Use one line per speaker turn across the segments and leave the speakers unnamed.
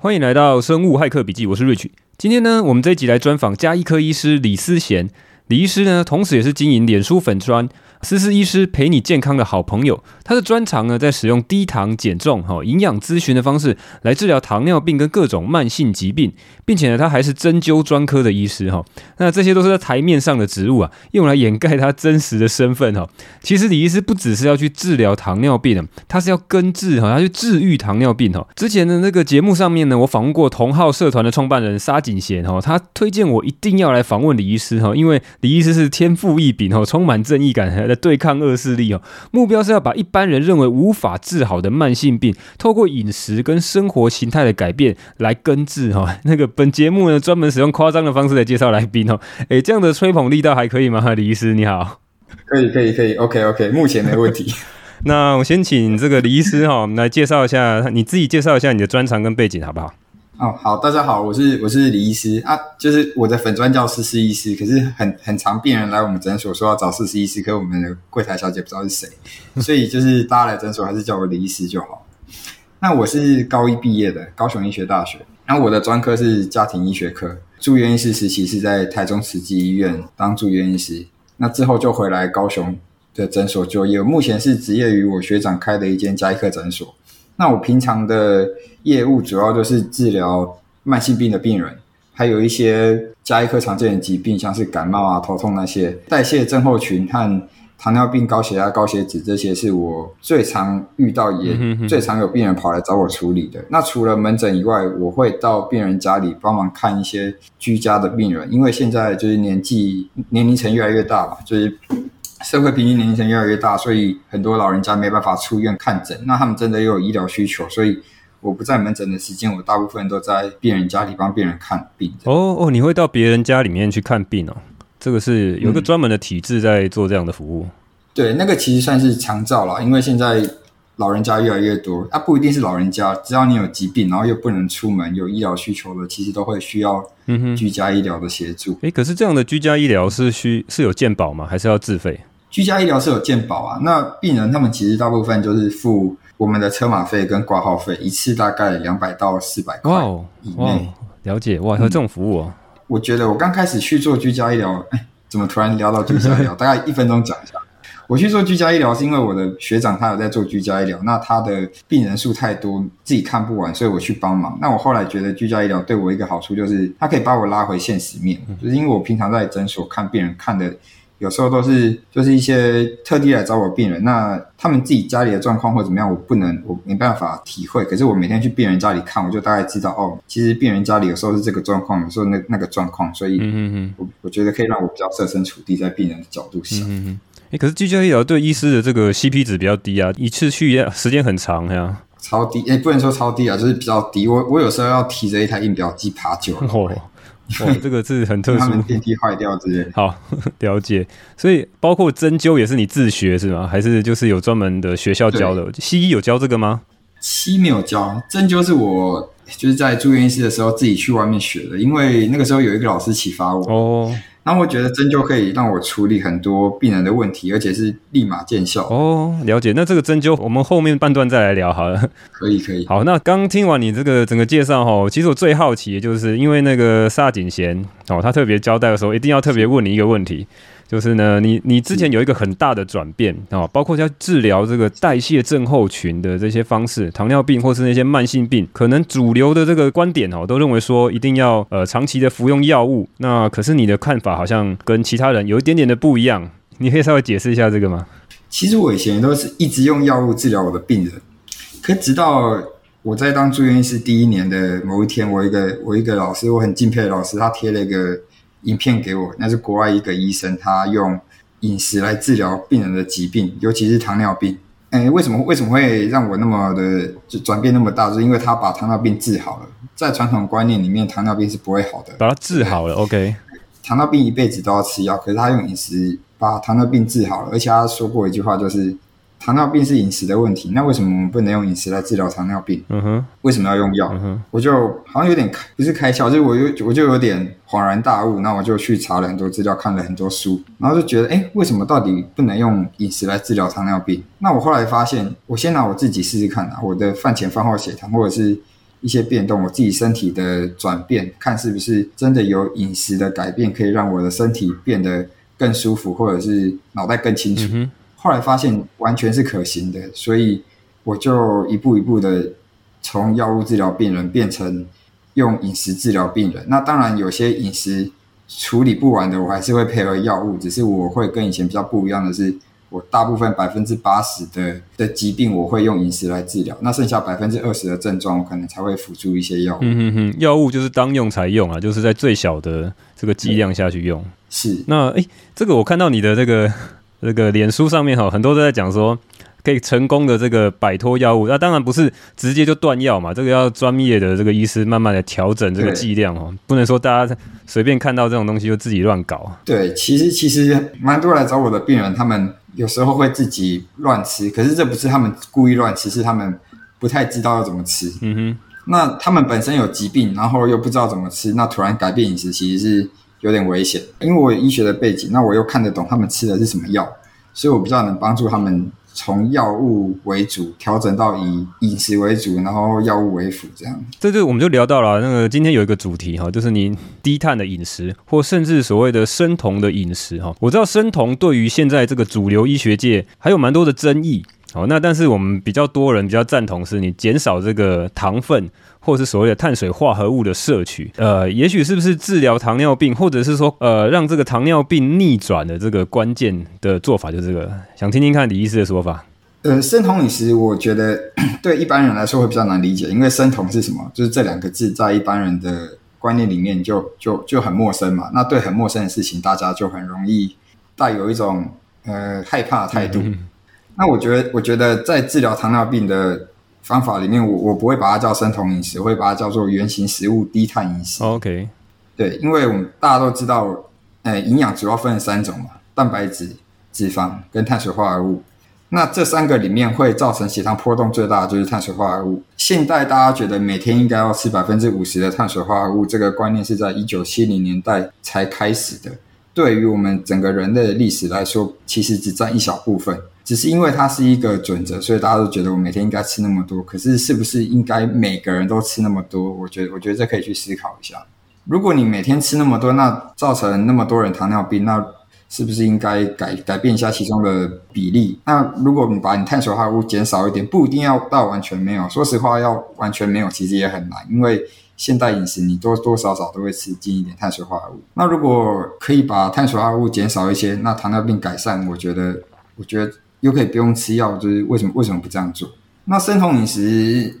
歡迎來到《生物駭客筆記》，我是 Rich。今天呢，我們這一集來專訪家醫科醫師李思賢。李醫師呢，同時也是經營臉書粉專。思思醫師陪你健康的好朋友，他的專長呢，在使用低醣減重哈營養諮詢的方式來治療糖尿病，跟各種慢性疾病，並且呢，他還是針灸專科的醫師哈、哦。那這些都是在台面上的職務啊，用來掩蓋他真實的身份哈。其實李醫師不只是要去治療糖尿病的，他是要根治哈、哦，他去治癒糖尿病哈、哦。之前的那個節目上面呢，我訪問過同好社團的創辦人沙井賢哈，他推薦我一定要來訪問李醫師哈、哦，因為李醫師是天賦異稟哈，充滿正義感來對抗惡勢力哦，目標是要把一般人認為無法治好的慢性病，透過飲食跟生活形態的改變來根治哦。那個本節目呢，專門使用誇張的方式來介紹來賓哦。誒，這樣的吹捧力道還可以嗎？李醫師你好。
可以可以可以，OK OK，目前沒問題。
那我先請這個李醫師哈、哦，我們來介紹一下你自己，介紹一下你的專長跟背景好不
好？哦，好，大家好，我是我是李醫師啊，就是我的粉專叫思思醫師，可是很很常病人來我們診所說要找思思醫師，可是我們的櫃檯小姐不知道是誰，所以就是大家來診所還是叫我李醫師就好。那我是高醫畢業的，高雄醫學大學，然後我的專科是家庭醫學科，住院醫師時期是在台中慈濟醫院當住院醫師，那之後就回來高雄的診所就業，目前是執業於我學長開的一間家醫科診所。那我平常的業務主要就是治療慢性病的病人，還有一些家醫科常見的疾病，像是感冒啊、頭痛那些，代謝症候群和糖尿病、高血壓、高血脂這些是我最常遇到也、嗯、哼哼最常有病人跑來找我處理的。那除了門診以外，我會到病人家裡幫忙看一些居家的病人，因為現在就是年紀年齡層越來越大嘛，就是。社會平均年齡層越來越大，所以很多老人家沒辦法出院看診，那他們真的又有醫療需求。所以我不在門診的時間，我大部分都在病人家裡幫病人看
病。哦哦，你會到別人家裡面去看病哦？這個是有一個專門的體制在做這樣的服務。嗯、
對，那個其實算是長照了，因為現在。老人家越來越多，啊，不一定是老人家，只要你有疾病，然後又不能出門，有醫療需求的，其實都會需要居家醫療的協助。
嗯、誒，可是這樣的居家醫療是需是有健保嗎？還是要自費？
居家醫療是有健保啊，那病人他們其實大部分就是付我們的車馬費跟掛號費，一次大概兩百到四百塊以內。哇哦哇哦、了解哇，還有這種服務啊、嗯？我覺得我剛開始去做居家醫療，哎、怎麼突然聊到居家醫療？大概一分鐘講一下。 我去做居家醫療，是因為我的學長他有在做居家醫療，那他的病人數太多，自己看不完，所以我去幫忙。那我後來覺得居家醫療對我一個好處就是，他可以把我拉回現實面，就是因為我平常在診所看病人看的，有時候都是就是一些特地來找我病人，那他們自己家裡的狀況或怎麼樣，我不能我沒辦法體會。可是我每天去病人家裡看，我就大概知道哦，其實病人家裡有時候是這個狀況，有時候那那個狀況，所以我我覺得可以讓我比較設身處地在病人的角度想。嗯嗯嗯
可是居家醫療對醫師的這個 CP 值比較
低啊，一次去時間很長，哎、呀。超低，哎，不能說超低啊，就是比較低。我我有時候要提着一台印表機爬久。哦，哇，這
個是很特殊。 他們電
梯壞掉之
類。好，了解。所以包括針灸也是你自學是嗎？還是就是有專門的學校教的？對西
醫有教這個嗎？西沒有教，針灸是我就是在住院醫師的時候自己去外面學的，因為那個時候有一個老師啟發我。哦。那、啊、我覺得針灸可以讓我處理很多病人的問題，而且是立馬見效。哦，了解。那這個針灸，我們後面半段再來聊好了。可以，可以。好，那剛聽完你這個整個介紹
哈、哦，其實我最好奇的就是，因為那個沙錦賢哦，他特別交代的時候，一定要特別問你一個問題。就是呢，你你之前有一個很大的轉變啊，包括要治療這個代謝症候群的這些方式，糖尿病或是那些慢性病，可能主流的這個觀點哦，都認為說一定要呃長期的服用藥物。那可是你的看法好像跟其他人有一點點的不一樣，你可以稍微解釋一下這個嗎？
其實我以前都是一直用藥物治療我的病人，可直到我在當住院醫師第一年的某一天，我一個我一個老師，我很敬佩的老師，他貼了一個。影片給我，那是國外一個醫生，他用飲食來治療病人的疾病，尤其是糖尿病。哎，為什麼為什麼會讓我那麼的就轉變那麼大？就是因為他把糖尿病治好了。在傳統觀念裡面，糖尿病是不會好的，把它治好了，對吧？OK，糖尿病一輩子都要吃藥，可是他用飲食把糖尿病治好了，而且他說過一句話就是。糖尿病是飲食的問題，那為什麼我們不能用飲食來治療糖尿病？嗯哼、uh huh. 為什麼要用藥？Uh huh. 我就好像有點開不是開竅，就是我有我就有點恍然大悟。那我就去查了很多資料，看了很多書，然後就覺得，哎、欸，為什麼到底不能用飲食來治療糖尿病？那我後來發現，我先拿我自己試試看啊，我的飯前飯後血糖或者是一些變動，我自己身體的轉變，看是不是真的有飲食的改變可以讓我的身體變得更舒服，或者是腦袋更清楚。Uh huh. 後來發現完全是可行的，所以我就一步一步的從藥物治療病人變成用飲食治療病人。那當然有些飲食處理不完的，我還是會配合藥物。只是我會跟以前比較不一樣的是，我大部分百分之八十的的疾病我會用飲食來治療，那剩下百分之二十的症狀，我可能才會輔助一些藥物。嗯嗯
嗯，藥物就是當用才用啊，就是在最小的這個劑量下去用。嗯、是。那誒、欸，這個我看到你的這個。這個臉書上面哈，很多人都在講說，可以成功的這個擺脫藥物，那、啊、當然不是直接就斷藥嘛，這個要專業的這個醫師慢慢的調整這個劑量哦，對不能說大家隨便看到這種東西就自己亂搞。
對，其實其實蠻多來找我的病人，他們有時候會自己亂吃，可是這不是他們故意亂吃，是他們不太知道要怎麼吃。嗯哼，那他們本身有疾病，然後又不知道怎麼吃，那突然改變飲食其實是。有點危險，因為我有醫學的背景，那我又看得懂他們吃的是什麼藥，所以我比較能幫助他們從藥物為主調整到以飲食為主，然後藥物為輔這樣。這就我們就
聊到了那個今天有一個主題哈，就是你低碳的飲食，或甚至所謂的生酮的飲食哈。我知道生酮對於現在這個主流醫學界還有蠻多的爭議，好，那但是我們比較多人比較贊同是你減少這個糖分。或是所謂的碳水化合物的攝取，呃，也許是不是治療糖尿病，或者是說，呃，讓這個糖尿病逆轉的這個關鍵的做法，就這個，想聽聽看李醫師的說法。
呃，生酮飲食，我覺得對一般人來說會比較難理解，因為生酮是什麼？就是這兩個字在一般人的觀念裡面就就就很陌生嘛。那對很陌生的事情，大家就很容易帶有一種呃害怕的態度。嗯、那我覺得，我覺得在治療糖尿病的。方法裡面我，我我不會把它叫生酮飲食，我會把它叫做原型食物低碳飲食。Oh, O.K. 對，因為我們大家都知道，呃，營養主要分三種嘛，蛋白質、脂肪跟碳水化合物。那這三個裡面會造成血糖波動最大的就是碳水化合物。現代大家覺得每天應該要吃百分之五十的碳水化合物，這個觀念是在一九七零年代才開始的。對於我們整個人類的歷史來說，其實只占一小部分。只是因為它是一個準則，所以大家都覺得我每天應該吃那麼多。可是是不是應該每個人都吃那麼多？我覺得，我覺得這可以去思考一下。如果你每天吃那麼多，那造成那麼多人糖尿病，那是不是應該改改變一下其中的比例？那如果你把你碳水化合物減少一點，不一定要到完全沒有。說實話，要完全沒有其實也很難，因為現代飲食你多多少少都會吃進一點碳水化合物。那如果可以把碳水化合物減少一些，那糖尿病改善，我覺得，我覺得。又可以不用吃藥，就是為什麼為什麼不這樣做？那生酮飲食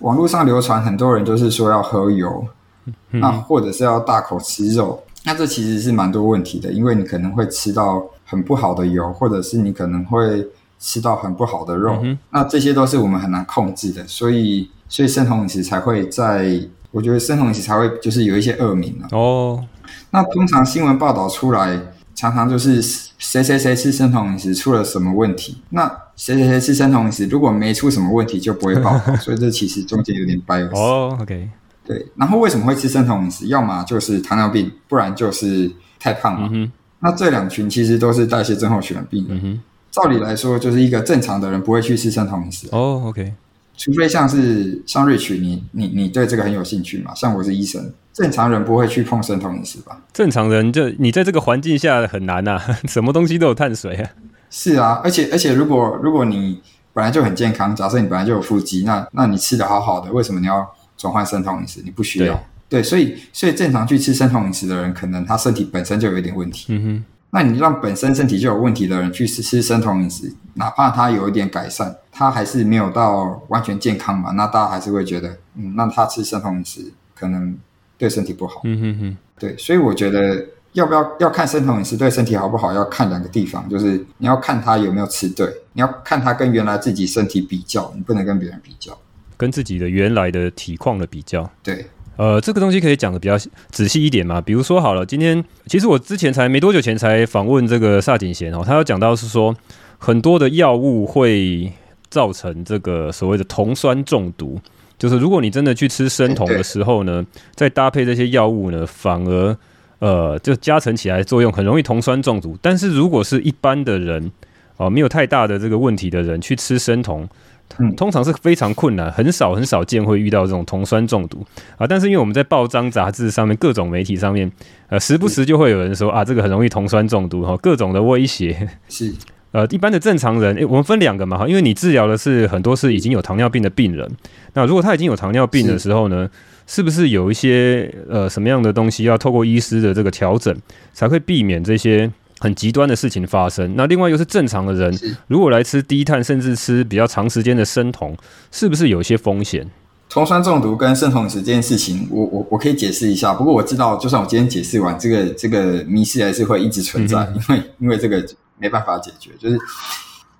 網絡上流傳很多人都是說要喝油，嗯、哼那或者是要大口吃肉，那這其實是蠻多問題的，因為你可能會吃到很不好的油，或者是你可能會吃到很不好的肉，嗯、哼那這些都是我們很難控制的，所以所以生酮飲食才會在，我覺得生酮飲食才會就是有一些惡名了、啊。哦，那通常新聞報道出來。常常就是誰誰誰吃生酮飲食出了什麼問題，那誰誰誰吃生酮飲食如果沒出什麼問題就不會爆， 所以這其實中間有點 bias。哦、oh,，OK，對。然後為什麼會吃生酮飲食？要麼就是糖尿病，不然就是太胖了。Mm hmm. 那這兩群其實都是代謝症候群的病嗯哼，mm hmm. 照理來說就是一個正常的人不會去吃生酮飲食、啊。哦、oh,，OK，除非像是像 Rich 你，你你對這個很有興趣嘛？像我是醫生。正常人不會去碰生酮飲食吧？
正常人就你在這個環境下很難吶、啊，什麼東西都有碳水啊。
是啊，而且而且如果如果你本來就很健康，假設你本來就有腹肌，那那你吃的好好的，為什麼你要轉換生酮飲食？你不需要。對，對，所以所以正常去吃生酮飲食的人，可能他身體本身就有一點問題。嗯哼。那你讓本身身體就有問題的人去吃，吃生酮飲食，哪怕他有一點改善，他還是沒有到完全健康嘛？那大家還是會覺得，嗯，那他吃生酮飲食可能。對身體不好，
嗯哼哼，
對，所以我覺得要不要要看生酮飲食對身體好不好，要看兩個地方，就是你要看他有沒有吃對，你要看他跟原來自己身體比較，你不能跟別人比較，
跟自己的原來的體況的比較。對，呃，這個東西可以講得比較仔細一點嘛？比如說好了，今天其實我之前才沒多久前才訪問這個薩景賢哦，他有講到是說很多的藥物會造成這個所謂的酮酸中毒。就是如果你真的去吃生酮的時候呢，再搭配這些藥物呢，反而呃就加成起來作用，很容易酮酸中毒。但是如果是一般的人哦、呃，沒有太大的這個問題的人去吃生酮、呃，通常是非常困難，很少很少見會遇到這種酮酸中毒啊、呃。但是因為我們在報章雜誌上面、各種媒體上面，呃，時不時就會有人說是啊，這個很容易酮酸中毒哈、哦，各種的威脅是。呃，一般的正常人，誒我們分兩個嘛哈，因為你治療的是很多是已經有糖尿病的病人，那如果他已經有糖尿病的時候呢，是，是不是有一些呃什麼樣的東西要透過醫師的這個調整，才會避免這些很極端的事情發生？那另外又是正常的人，是如果來吃低碳，甚至吃比
較長時間的生酮，是不是有一些風險？酮酸中毒跟生酮飲食這件事情，我我我可以解釋一下，不過我知道，就算我今天解釋完，這個這個迷思還是會一直存在，嗯、哼因為因為這個。沒辦法解決，就是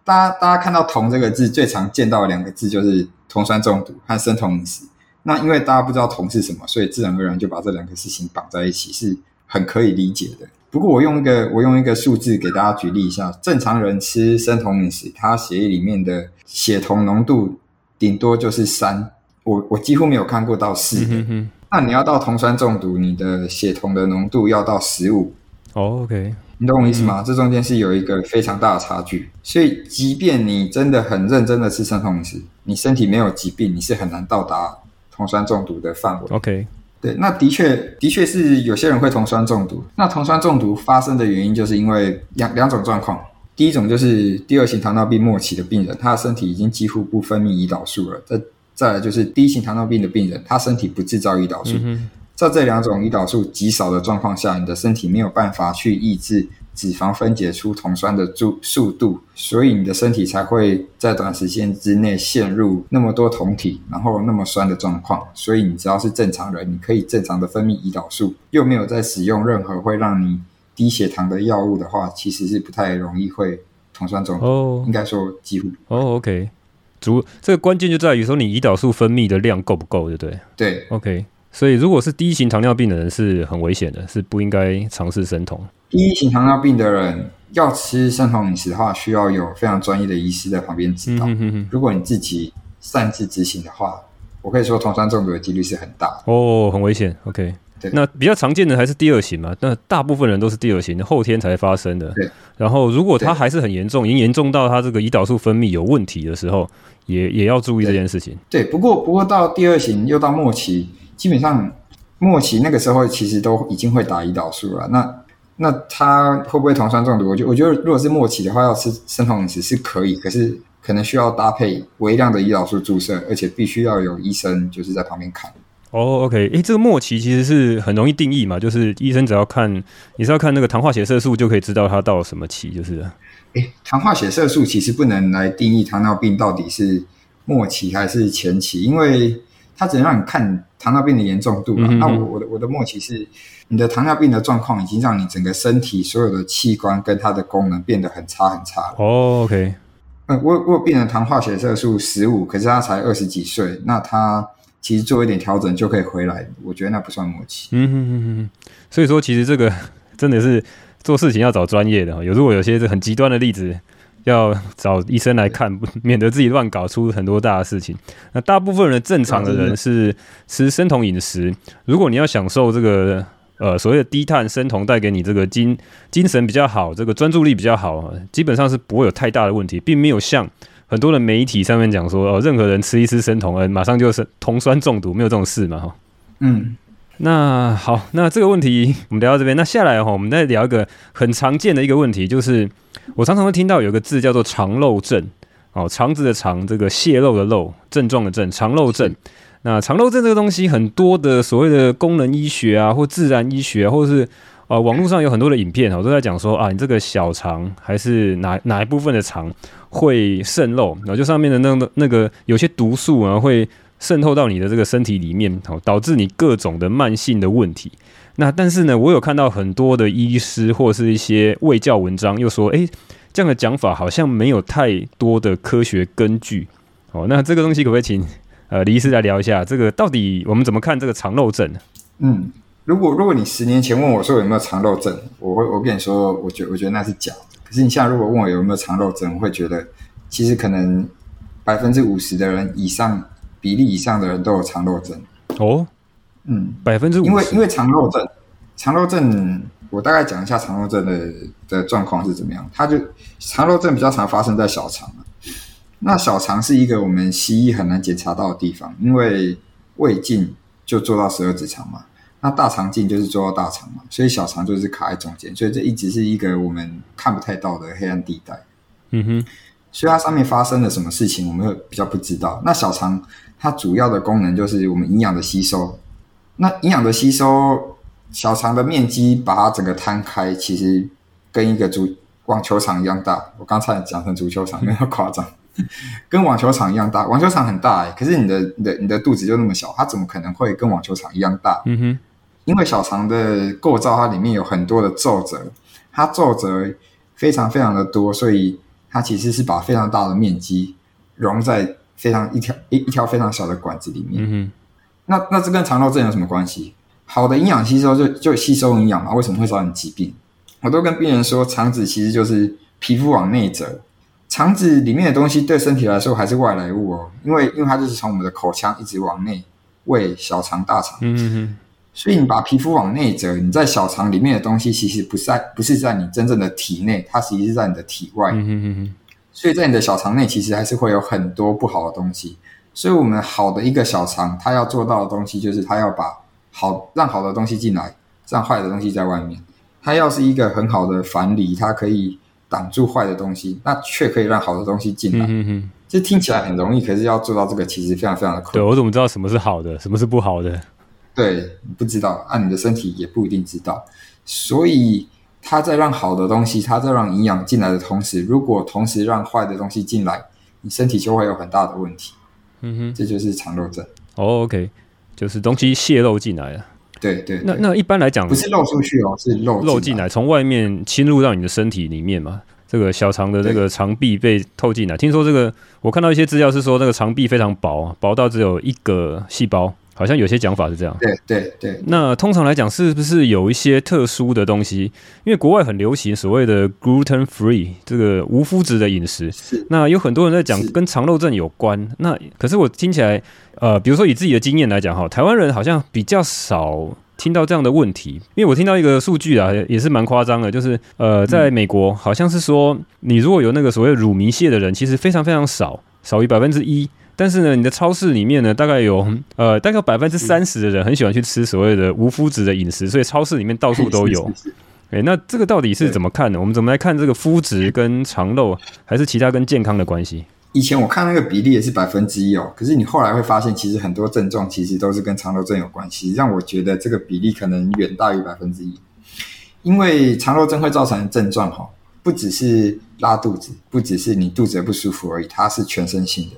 大家大家看到“酮”這個字，最常見到的兩個字就是“酮酸中毒”和“生酮飲食”。那因為大家不知道酮是什麼，所以自然而然就把這兩個事情綁在一起，是很可以理解的。不過我用一個我用一個數字給大家舉例一下：正常人吃生酮飲食，他血液裡面的血酮濃度頂多就是三，我我幾乎沒有看過到四。嗯、
哼
哼，那你要到酮酸中毒，你的血酮的濃度要到十五。Oh, OK。你懂我意思嗎？嗯、這中間是有一個非常大的差距，所以即便你真的很認真的吃生酮飲食，你身體沒有疾病，你是很難到達酮酸中毒的範圍。OK，對，那的確的確是有些人會酮酸中毒。那酮酸中毒發生的原因就是因為兩兩種狀況，第一種就是第二型糖尿病末期的病人，他的身體已經幾乎不分泌胰島素了。再再來就是第一型糖尿病的病人，他身體不製造胰島素。嗯在這兩種胰島素極少的狀況下，你的身體沒有辦法去抑制脂肪分解出酮酸的速速度，所以你的身體才會在短時間之內陷入那麼多酮體，然後那麼酸的狀況。所以你只要是正常人，你可以正常的分泌胰島素，又沒有在使用任何會讓你低血糖的藥物的話，其實是不太容易會酮酸中毒。哦，oh. 應該說幾乎。哦
，oh, OK。主這個關鍵就在於說你胰島素分泌的量夠不夠，對不對？對。OK。所以，如果是第一型糖尿病的人是很危險的，是不應該嘗試生酮。
第一型糖尿病的人要吃生酮飲食的話，需要有非常專業的醫師在旁邊指導。嗯嗯嗯。如果你自己擅自執行的話，我可以說酮酸中毒的幾率是很大
哦，很危險。OK，對那比較常見的還是第二型嘛？那大部分人都是第二型，後天才發生的。對然後，如果他還是很嚴重，已經嚴重到他這個胰島素分泌有問題的時
候，也也要注意這件事情。對，對，不過不過到第二型又到末期。基本上末期那個時候其實都已經會打胰島素了啊，那那他會不會酮酸中毒？我覺我覺得如果是末期的話，要吃生酮飲食是可以，可是可能需要搭配微量的胰島素注射，而且必須要有醫生就是在旁邊看。
哦，OK，哎，這個末期其實是很容易定義嘛，就是醫生只要看你是要看那個糖化血色素就可以知道他到了
什麼期，就是
哎，
糖化血色素其實不能來定義糖尿病到底是末期還是前期，因為它只能讓你看。糖尿病的嚴重度，嗯、哼那我我的我的末期是，你的糖尿病的狀況已經讓你整個身體所有的器官跟它的功能變得很差很差了。哦、OK，呃，我我有病人糖化血色素十五，可是他才二十幾歲，那他其實做一點調整就可以回來，我覺得那不算末期。嗯嗯嗯
嗯，所以說其實這個真的是做事情要找專業的啊、哦，有時候有些是很極端的例子。要找醫生來看，對免得自己亂搞出很多大的事情。那大部分人正常的人是吃生酮飲食。如果你要享受這個呃所謂的低碳生酮帶給你這個精精神比較好，這個專注力比較好，基本上是不會有太大的問題，並沒有像很多的媒體上面講說哦、呃，任何人吃一吃生酮，呃、馬上就是酮酸中毒，沒有這種事嘛，哈。嗯。那好，那這個問題我們聊到這邊。那下來哈，我們再聊一個很常見的一個問題，就是我常常會聽到有一個字叫做“腸漏症”哦，腸子的“腸”，這個洩漏的“漏”，症狀的“症”，腸漏症。是那腸漏症這個東西，很多的所謂的功能醫學啊，或自然醫學，或者是呃網絡上有很多的影片哦，都在講說啊，你這個小腸還是哪哪一部分的腸會滲漏，然後就上面的那那個有些毒素啊會。滲透到你的這個身體裡面，導致你各種的慢性的問題。那但是呢，我有看到很多的醫師或是一些衛教文章，又說，哎，這樣的講法好像沒有太多的科學根據。哦，那這個東西可不可以請呃李醫師來聊一下？這個到底我們怎麼看這個腸漏
症呢？嗯，如果如果你十年前問我說有沒有腸漏症，我會我跟你說，我覺我覺得那是假的。可是你現在如果問我有沒有腸漏症，我會覺得其實可能百分之五十的人以上。比例以上的人都有腸漏症哦，oh, 嗯，百分之五，因為因為腸漏症，腸漏症我大概講一下腸漏症的的狀況是怎麼樣。它就腸漏症比較常發生在小腸啊，那小腸是一個我們西醫很難檢查到的地方，因為胃鏡就做到十二指腸嘛，那大腸鏡就是做到大腸嘛，所以小腸就是卡在中間，所以這一直是一個我們看不太到的黑暗地帶。嗯哼、mm-hmm. 所以它上面發生了什麼事情，我們會比較不知道。那小腸。它主要的功能就是我們營養的吸收。那營養的吸收，小腸的面積把它整個攤開，其實跟一個足網球場一樣大。我剛才講成足球場，沒有誇張， 跟網球場一樣大。網球場很大哎，可是你的、你的、你的肚子就那麼小，它怎麼可能會跟網球場一樣大？嗯哼，因為小腸的構造，它裡面有很多的皺褶，它皺褶非常非常的多，所以它其實是把非常大的面積融在。非常一條一一條非常小的管子裡面，嗯、哼那那這跟腸漏症有什麼關係？好的營養吸收就就吸收營養嘛，為什麼會造成疾病？我都跟病人說，腸子其實就是皮膚往內折，腸子裡面的東西對身體來說還是外來物哦，因為因為它就是從我們的口腔一直往內胃、胃小腸、大腸、嗯哼，所以你把皮膚往內折，你在小腸裡面的東西其實不是在不是在你真正的體內，它其實是在你的體外。嗯哼所以在你的小腸內，其實還是會有很多不好的東西。所以，我們好的一個小腸，它要做到的東西就是，它要把好讓好的東西進來，讓壞的東西在外面。它要是一個很好的藩籬，它可以擋住壞的東西，那卻可以讓好的東西進來。嗯哼，哼，這聽起來很容易，可是要做到這個，其實非常非常的困難。對，我怎麼知道什麼是好的，什麼是不好的？對，不知道。按、啊、你的身體也不一定知道，所以。它在讓好的東西，它在讓營養進來的同時，如果同時讓壞的東西進來，你身體就會有很大的問題。嗯哼，這就是腸漏
症。哦，OK，就是東西泄露進來了。對對對。那那一般來講，不是漏出去哦，是漏漏進來，從外面侵入到你的身體裡面嘛。這個小腸的這個腸壁被透進來，對，聽說這個我看到一些資料是說，這個腸壁非常薄，薄到只有一個細胞。好像有些講法是這樣。對
對對。對對對，
那通常來講，是不是有一些特殊的東西？因為國外很流行所謂的 gluten free，這個無麩質的飲食。是那有很多人在講跟腸漏症有關。是那可是我聽起來，呃，比如說以自己的經驗來講哈，台灣人好像比較少聽到這樣的問題。因為我聽到一個數據啊，也是蠻誇張的，就是呃，在美國、嗯、好像是說，你如果有那個所謂乳糜瀉的人，其實非常非常少，少於百分之一。但是呢，你的超市裡面呢，大概有呃，大概百分之三十的人很喜歡去吃所謂的無麩質的飲食，所以超市裡面到處都有。哎、欸，那這個到底是怎麼看呢？對我們怎麼來看這個麩質跟腸漏，還是其他跟健康的關係？
以前我看那個比例也是百分之一哦，可是你後來會發現，其實很多症狀其實都是跟腸漏症有關係，讓我覺得這個比例可能遠大於百分之一。因為腸漏症會造成症狀哈、喔，不只是拉肚子，不只是你肚子也不舒服而已，它是全身性的。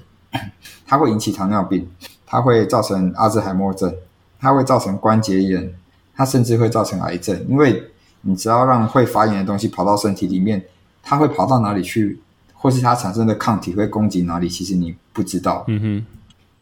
它會引起糖尿病，它會造成阿茲海默症，它會造成關節炎，它甚至會造成癌症。因為你只要讓會發炎的東西跑到身體裡面，它會跑到哪裡去，或是它產生的抗體會攻擊哪裡，其實你不知道。嗯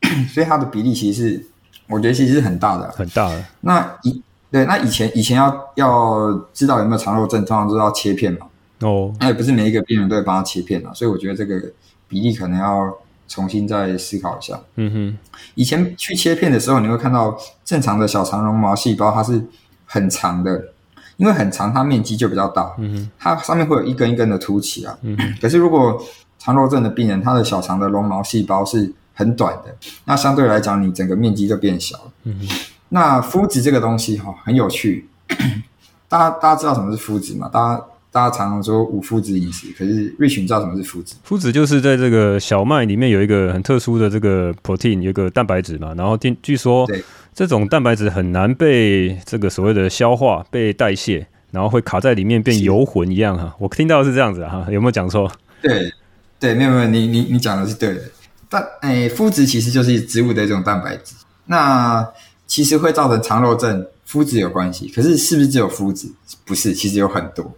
哼，所以它的比例其實是，我覺得其實是很大的，很大的。那以對，那以前以前要要知道有沒有腸漏症，通常都要切片嘛。哦，那也不是每一個病人都會幫它切片啊，所以我覺得這個比例可能要。重新再思考一下。嗯哼，以前去切片的時候，你會看到正常的小腸絨毛細胞，它是很長的，因為很長，它面積就比較大。嗯哼，它上面會有一根一根的凸起啊。嗯哼，可是如果腸漏症的病人，他的小腸的絨毛細胞是很短的，那相對來講，你整個面積就變小。嗯哼，那麩質這個東西哈、哦，很有趣。 大家大家知道什麼是麩質嗎？大家。大家常常說無麩質飲食，可是 Rich 知道什麼是麩質？
麩質就是在這個小麥裡面有一個很特殊的這個 protein，有一個蛋白質嘛。然後聽據說對這種蛋白質很難被這個所謂的消化，對被代謝，然後會卡在裡面變遊魂一樣
哈。是我聽到是這樣子哈，啊，有沒有講錯？對，對，沒有沒有，你你你講的是對的。但誒、麩，欸、質，其實就是植物的一種蛋白質，那其實會造成腸漏症，麩質有關係。可是是不是只有麩質？不是，其實有很多。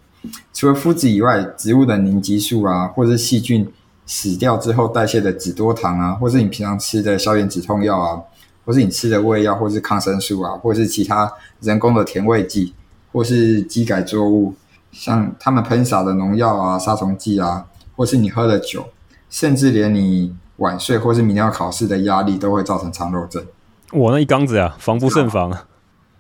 除了麩質以外，植物的凝集素啊，或者是細菌死掉之後代謝的脂多糖啊，或是你平常吃的消炎止痛藥啊，或是你吃的胃藥，或是抗生素啊，或是其他人工的甜味劑，或是基改作物，像他們噴灑的農藥啊、殺蟲劑啊，或是你喝的酒，甚至連你晚睡或是明天要考試的壓力，都會造成腸漏症。我那一缸子啊，防不勝防。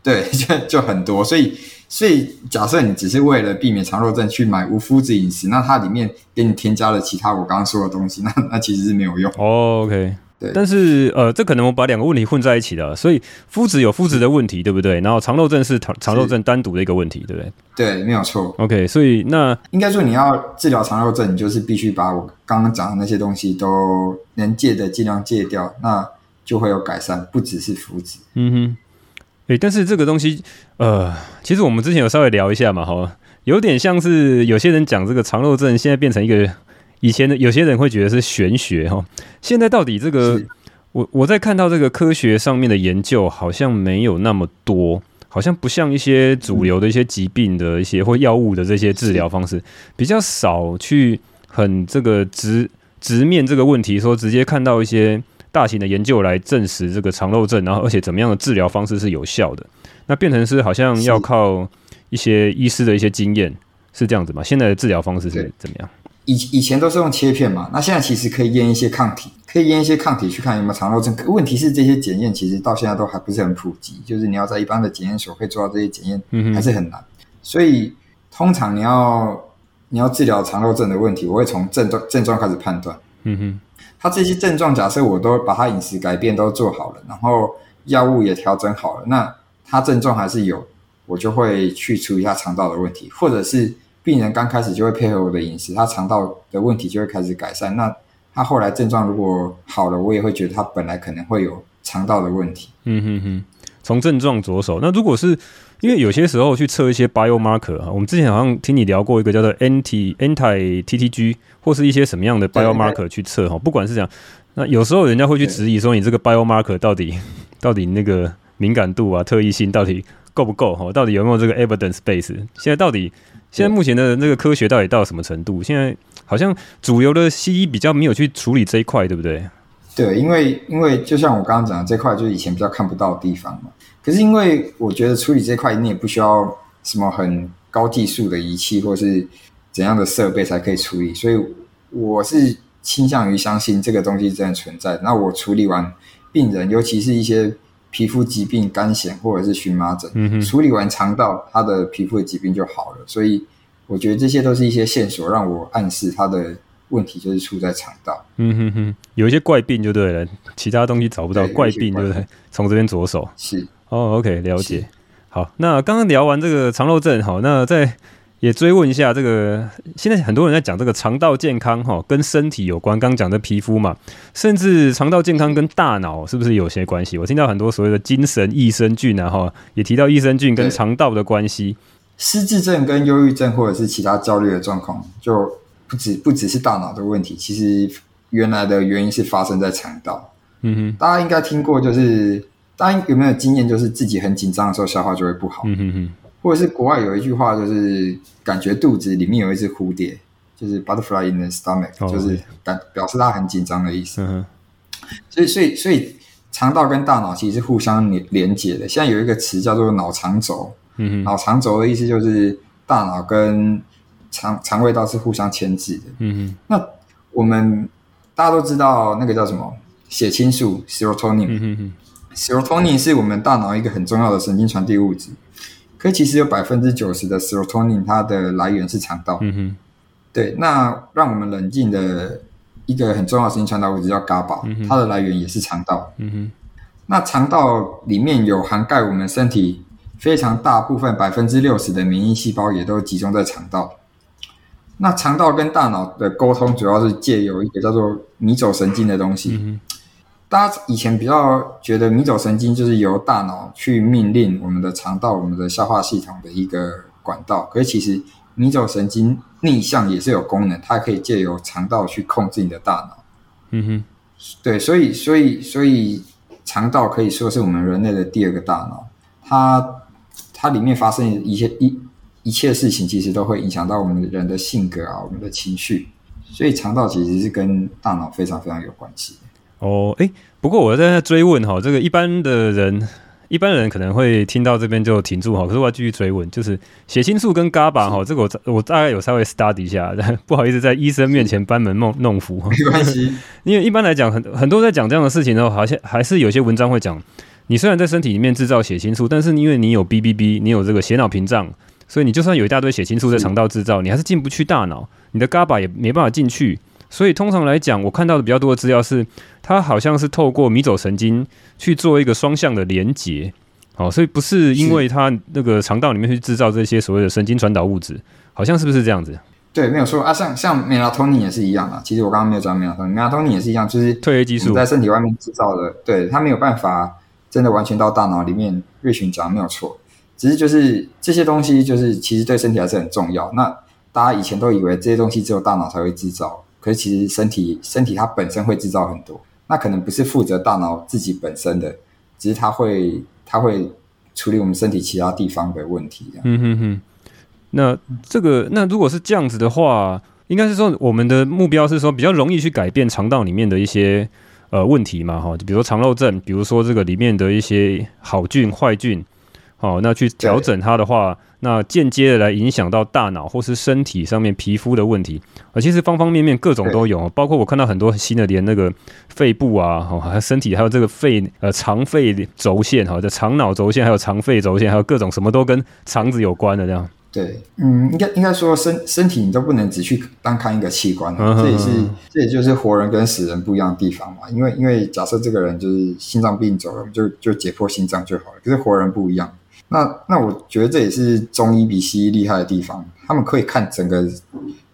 對，就就很多，所以。所以，假設你只是為了避免腸漏症去買無麩質飲食，那它裡面給你添加了其他我剛剛說的東西，那那其實是沒有用。哦
，OK，對。但是，呃，這可能我把兩個問題混在一起了。所以，麩質有麩質的問題，對不對？然後，腸漏症是腸腸漏症單獨的一個問題，對不是對？
對，對，沒有錯。
OK，所以那
應該說你要治療腸漏症，你就是必須把我剛剛講的那些東西都能戒的儘量戒掉，那就會有改善，不只是麩質。嗯哼。對、
欸，但是這個東西，呃，其實我們之前有稍微聊一下嘛，哈，有點像是有些人講這個腸漏症，現在變成一個以前的有些人會覺得是玄學，哈，現在到底這個，是我我在看到這個科學上面的研究，好像沒有那麼多，好像不像一些主流的一些疾病的一些或藥物的這些治療方式，比較少去很這個直直面這個問題，說直接看到一些。大型的研究來證實這個腸漏症，然後而且怎麼樣的治療方式是有效的，那變成是好像要靠一些醫師的一些經驗是，是這樣子嗎？現
在的治療方式是對怎麼樣？以以前都是用切片嘛，那現在其實可以驗一些抗體，可以驗一些抗體去看有沒有腸漏症。可問題是這些檢驗其實到現在都還不是很普及，就是你要在一般的檢驗所可以做到這些檢驗還是很難。嗯、哼所以通常你要你要治療腸漏症的問題，我會從症狀症狀開始判斷。嗯哼。他這些症狀，假設我都把他飲食改變都做好了，然後藥物也調整好了，那他症狀還是有，我就會去除一下腸道的問題，或者是病人剛開始就會配合我的飲食，他腸道的問題就會開始改善。那他後來症狀如果好了，我也會覺得他本來可能會有腸道的問題。嗯
哼哼，從症狀着手。那如果是。因為有些時候去測一些 biomarker 我們之前好像聽你聊過一個叫做 anti、anti-TTG 或是一些什麼樣的 biomarker 去測，不管是講那有時候人家會去質疑說你這個 biomarker 到底對到底那個敏感度啊、特異性到底夠不夠，到底有沒有這個 evidence base？現在到底對現在目前的那個科學到底到了什麼程度？現在好像主流的西醫比較沒有去處理這一塊，對不對？
對，因為因為就像我剛剛講的，這塊就以前比較看不到的地方嘛。可是因為我覺得處理這塊你也不需要什麼很高技術的儀器或是怎樣的設備才可以處理，所以我是傾向於相信這個東西是真的存在。那我處理完病人，尤其是一些皮膚疾病、乾癬或者是蕁麻疹、嗯哼，處理完腸道，他的皮膚的疾病就好了。所以我覺得這些都是一些線索，讓我暗示他的問題就是出在腸道。
嗯哼哼，有一些怪病就對了，其他東西找不到對怪病就對，對不對？從這邊着手是。哦、oh,，OK，了解。是好，那剛剛聊完這個腸漏症，好，那再也追問一下，這個現在很多人在講這個腸道健康，哈，跟身體有關。剛剛講的皮膚嘛，甚至腸道健康跟大腦是不是有些關係？我聽到很多所謂的精神益生菌啊，哈，
也提到益生菌跟腸道的關係。失智症跟憂鬱症或者是其他焦慮的狀況，就不只不只是大腦的問題，其實原來的原因是發生在腸道。嗯哼，大家應該聽過就是。大家有沒有經驗，就是自己很緊張的時候，消化就會不好，嗯嗯。嗯，或者是國外有一句話，就是感覺肚子裡面有一隻蝴蝶，就是 butterfly in the stomach，、哦、就是感表示他很緊張的意思、嗯哼。所以，所以，所以腸道跟大腦其實是互相連連接的。現在有一個詞叫做腦腸軸。嗯哼，嗯。腦腸軸的意思就是大腦跟腸腸胃道是互相牽制的，嗯嗯。嗯，那我們大家都知道，那個叫什麼血清素 serotonin。Serotonin 是我們大腦一個很重要的神經傳遞物質，可其實有百分之九十的 Serotonin 它的來源是腸道。嗯哼。對，那讓我們冷靜的一個很重要的神經傳導物質叫 GABA、嗯、哼它的來源也是腸道。嗯哼。那腸道裡面有涵蓋我們身體非常大部分百分之六十的免疫細胞也都集中在腸道。那腸道跟大腦的溝通主要是借由一個叫做迷走神經的東西。嗯哼。大家以前比較覺得迷走神經就是由大腦去命令我們的腸道，我們的消化系統的一個管道，可是其實迷走神經逆向也是有功能，它可以借由腸道去控制你的大腦。嗯
哼，
對，所以所以所以腸道可以說是我們人類的第二個大腦，它它裡面發生一些一一切事情，其實都會影響到我們人的性格啊，我們的情緒，所以腸道其實是跟大腦非常非常有關係。
哦，哎，不過我在在追問哈，這個一般的人，一般人可能會聽到這邊就停住哈。可是我要繼續追問，就是血清素跟 GABA 哈，這個我我大概有稍微 study 一下，但不好意思在醫生面前班門弄弄斧，沒關係。因為一般來講，很很多在講這樣的事情的時候，好像還是有些文章會講，你雖然在身體裡面制造血清素，但是因為你有 BBB，你有這個血腦屏障，所以你就算有一大堆血清素在腸道制造，嗯、你還是進不去大腦，你的 GABA 也沒辦法進去。所以通常來講，我看到的比較多的資料是，它好像是透過迷走神經去做一個雙向的連接，哦，所以不是因為它那個腸道裡面去製造這些所謂的神經傳導物質，好像是不是這樣子？
對，沒有錯啊，像像美拉 i n 也是一樣啊。其實我剛剛沒有講美拉 a t 美拉 i n 也是一樣，就是褪黑激素在身體外面製造的，對它沒有辦法真的完全到大腦裡面。瑞群講沒有錯，只是就是這些東西就是其實對身體還是很重要。那大家以前都以為這些東西只有大腦才會製造。可是其實身體身體它本身會制造很多，那可能不是負責大腦自己本身的，只是它會它會處理我們身體其他地方的問題。這樣
嗯哼哼，那這個那如果是這樣子的話，應該是說我們的目標是說比較容易去改變腸道裡面的一些呃問題嘛哈，就比如說腸漏症，比如說這個裡面的一些好菌壞菌。好，哦，那去調整它的話，對那間接的來影響到大腦或是身體上面皮膚的問題啊，其實方方面面各種都有，對包括我看到很多新的，連那個肺部啊，哈，哦，身體還有這個肺呃腸肺軸線哈，這腸腦軸線還有腸肺軸線，還有各種什麼都跟腸子有關的這樣。
對，嗯，應該應該說身身體你都不能只去單看一個器官，嗯哼這，這也是這也就是活人跟死人不一樣的地方嘛，因為因為假設這個人就是心臟病走了，就就解剖心臟就好了，可是活人不一樣。那那我覺得這也是中醫比西醫厲害的地方，他們可以看整個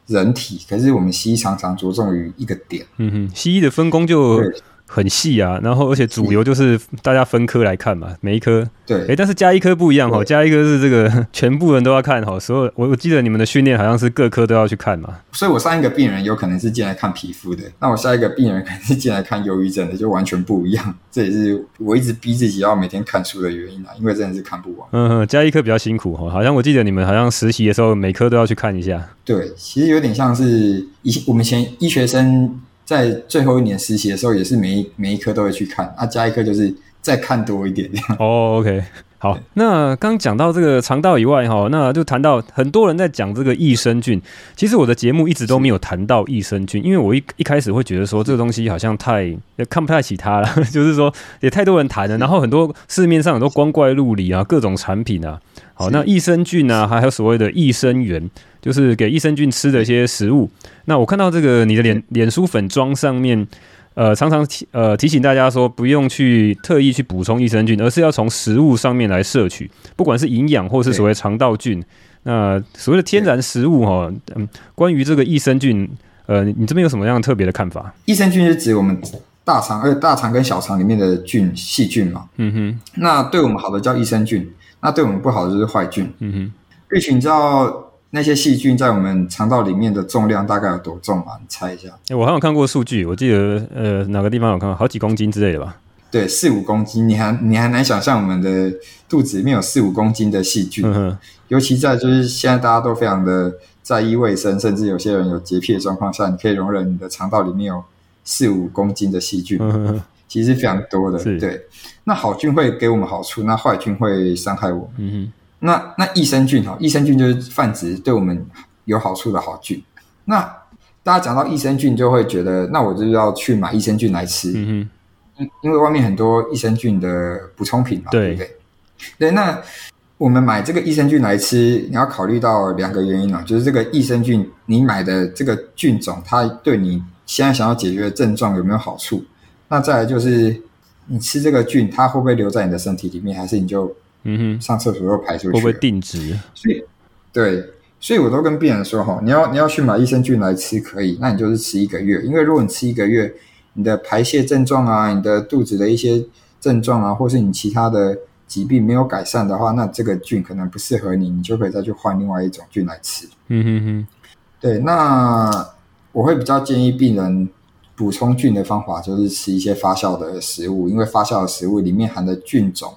人體，可是我們西醫常常着重於一個點。嗯
哼，西醫的分工就。對很細啊，然後而且主流就是大家分科來看嘛，是每一科對，哎、欸，但是加一科不一樣哈、哦，對加一科是這個全部人都要看哈、哦，所有我我記得你們的訓練好像是各科都要去看嘛，
所以我上一個病人有可能是進來看皮膚的，那我下一個病人可能是進來看憂鬱症的，就完全不一樣。這也是我一直逼自己要每天看書的原因啊，因為真的是看不
完。嗯哼，加一科比較辛苦哈、哦，好像我記得你們好像實習的時候每科都要去看一下。
對，其實有點像是醫我們前醫學生。在最後一年實習的時候，也是每一每一科都會去看，啊，加一科就是再看多一點這
樣。哦，Oh, OK。好，那剛剛講到這個腸道以外哈，那就談到很多人在講這個益生菌。其實我的節目一直都沒有談到益生菌，是因為我一一開始會覺得說這個東西好像太也看不太起它了，就是說也太多人談了，是然後很多市面上很多光怪陸離啊，各種產品啊。好，是那益生菌啊，還有所謂的益生元，就是給益生菌吃的一些食物。那我看到這個你的臉是臉書粉專上面。呃，常常提，呃提醒大家說，不用去特意去補充益生菌，而是要從食物上面來攝取，不管是營養或是所謂腸道菌。對那所謂的天然食物哈，哦，對嗯，
關於這個益生菌，呃，你這邊有什麼樣特別的看法？益生菌是指我們大腸，而大腸跟小腸裡面的菌細菌嘛。嗯哼，那對我們好的叫益生菌，那對我們不好的就是壞菌。嗯哼，瑞群，那些細菌在我們腸道裡面的重量大概有多重啊？你猜一下。
欸、我好像看過數據，我記得呃，哪個地方有
看過，好幾公斤之類的吧？對，四五公斤，你還你還難想象，我們的肚子裡面有四五公斤的細菌，嗯、哼尤其在就是現在大家都非常的在意衛生，甚至有些人有潔癖的狀況下，你可以容忍你的腸道裡面有四五公斤的細菌，嗯、哼其實非常多的。是對，那好菌會給我們好處，那壞菌會傷害我們。嗯那那益生菌哈、哦，益生菌就是泛指對我們有好處的好菌。那大家講到益生菌，就會覺得那我就要去買益生菌來吃，嗯嗯哼，因為外面很多益生菌的補充品嘛，對，對不對？對，那我們買這個益生菌來吃，你要考慮到兩個原因啊、哦，就是這個益生菌你買的這個菌種，它對你現在想要解決的症狀有沒有好處？那再來就是你吃這個菌，它會不會留在你的身體裡面，還是你就？嗯哼，上廁所又排出去，會不會定植？所以，對，所以我都跟病人說齁，你要你要去買益生菌來吃，可以。那你就是吃一個月，因為如果你吃一個月，你的排泄症狀啊，你的肚子的一些症狀啊，或是你其他的疾病沒有改善的話，那這個菌可能不適合你，你就可以再去換另外一種菌來吃。嗯哼哼，對。那我會比較建議病人補充菌的方法，就是吃一些發酵的食物，因為發酵的食物裡面含的菌種。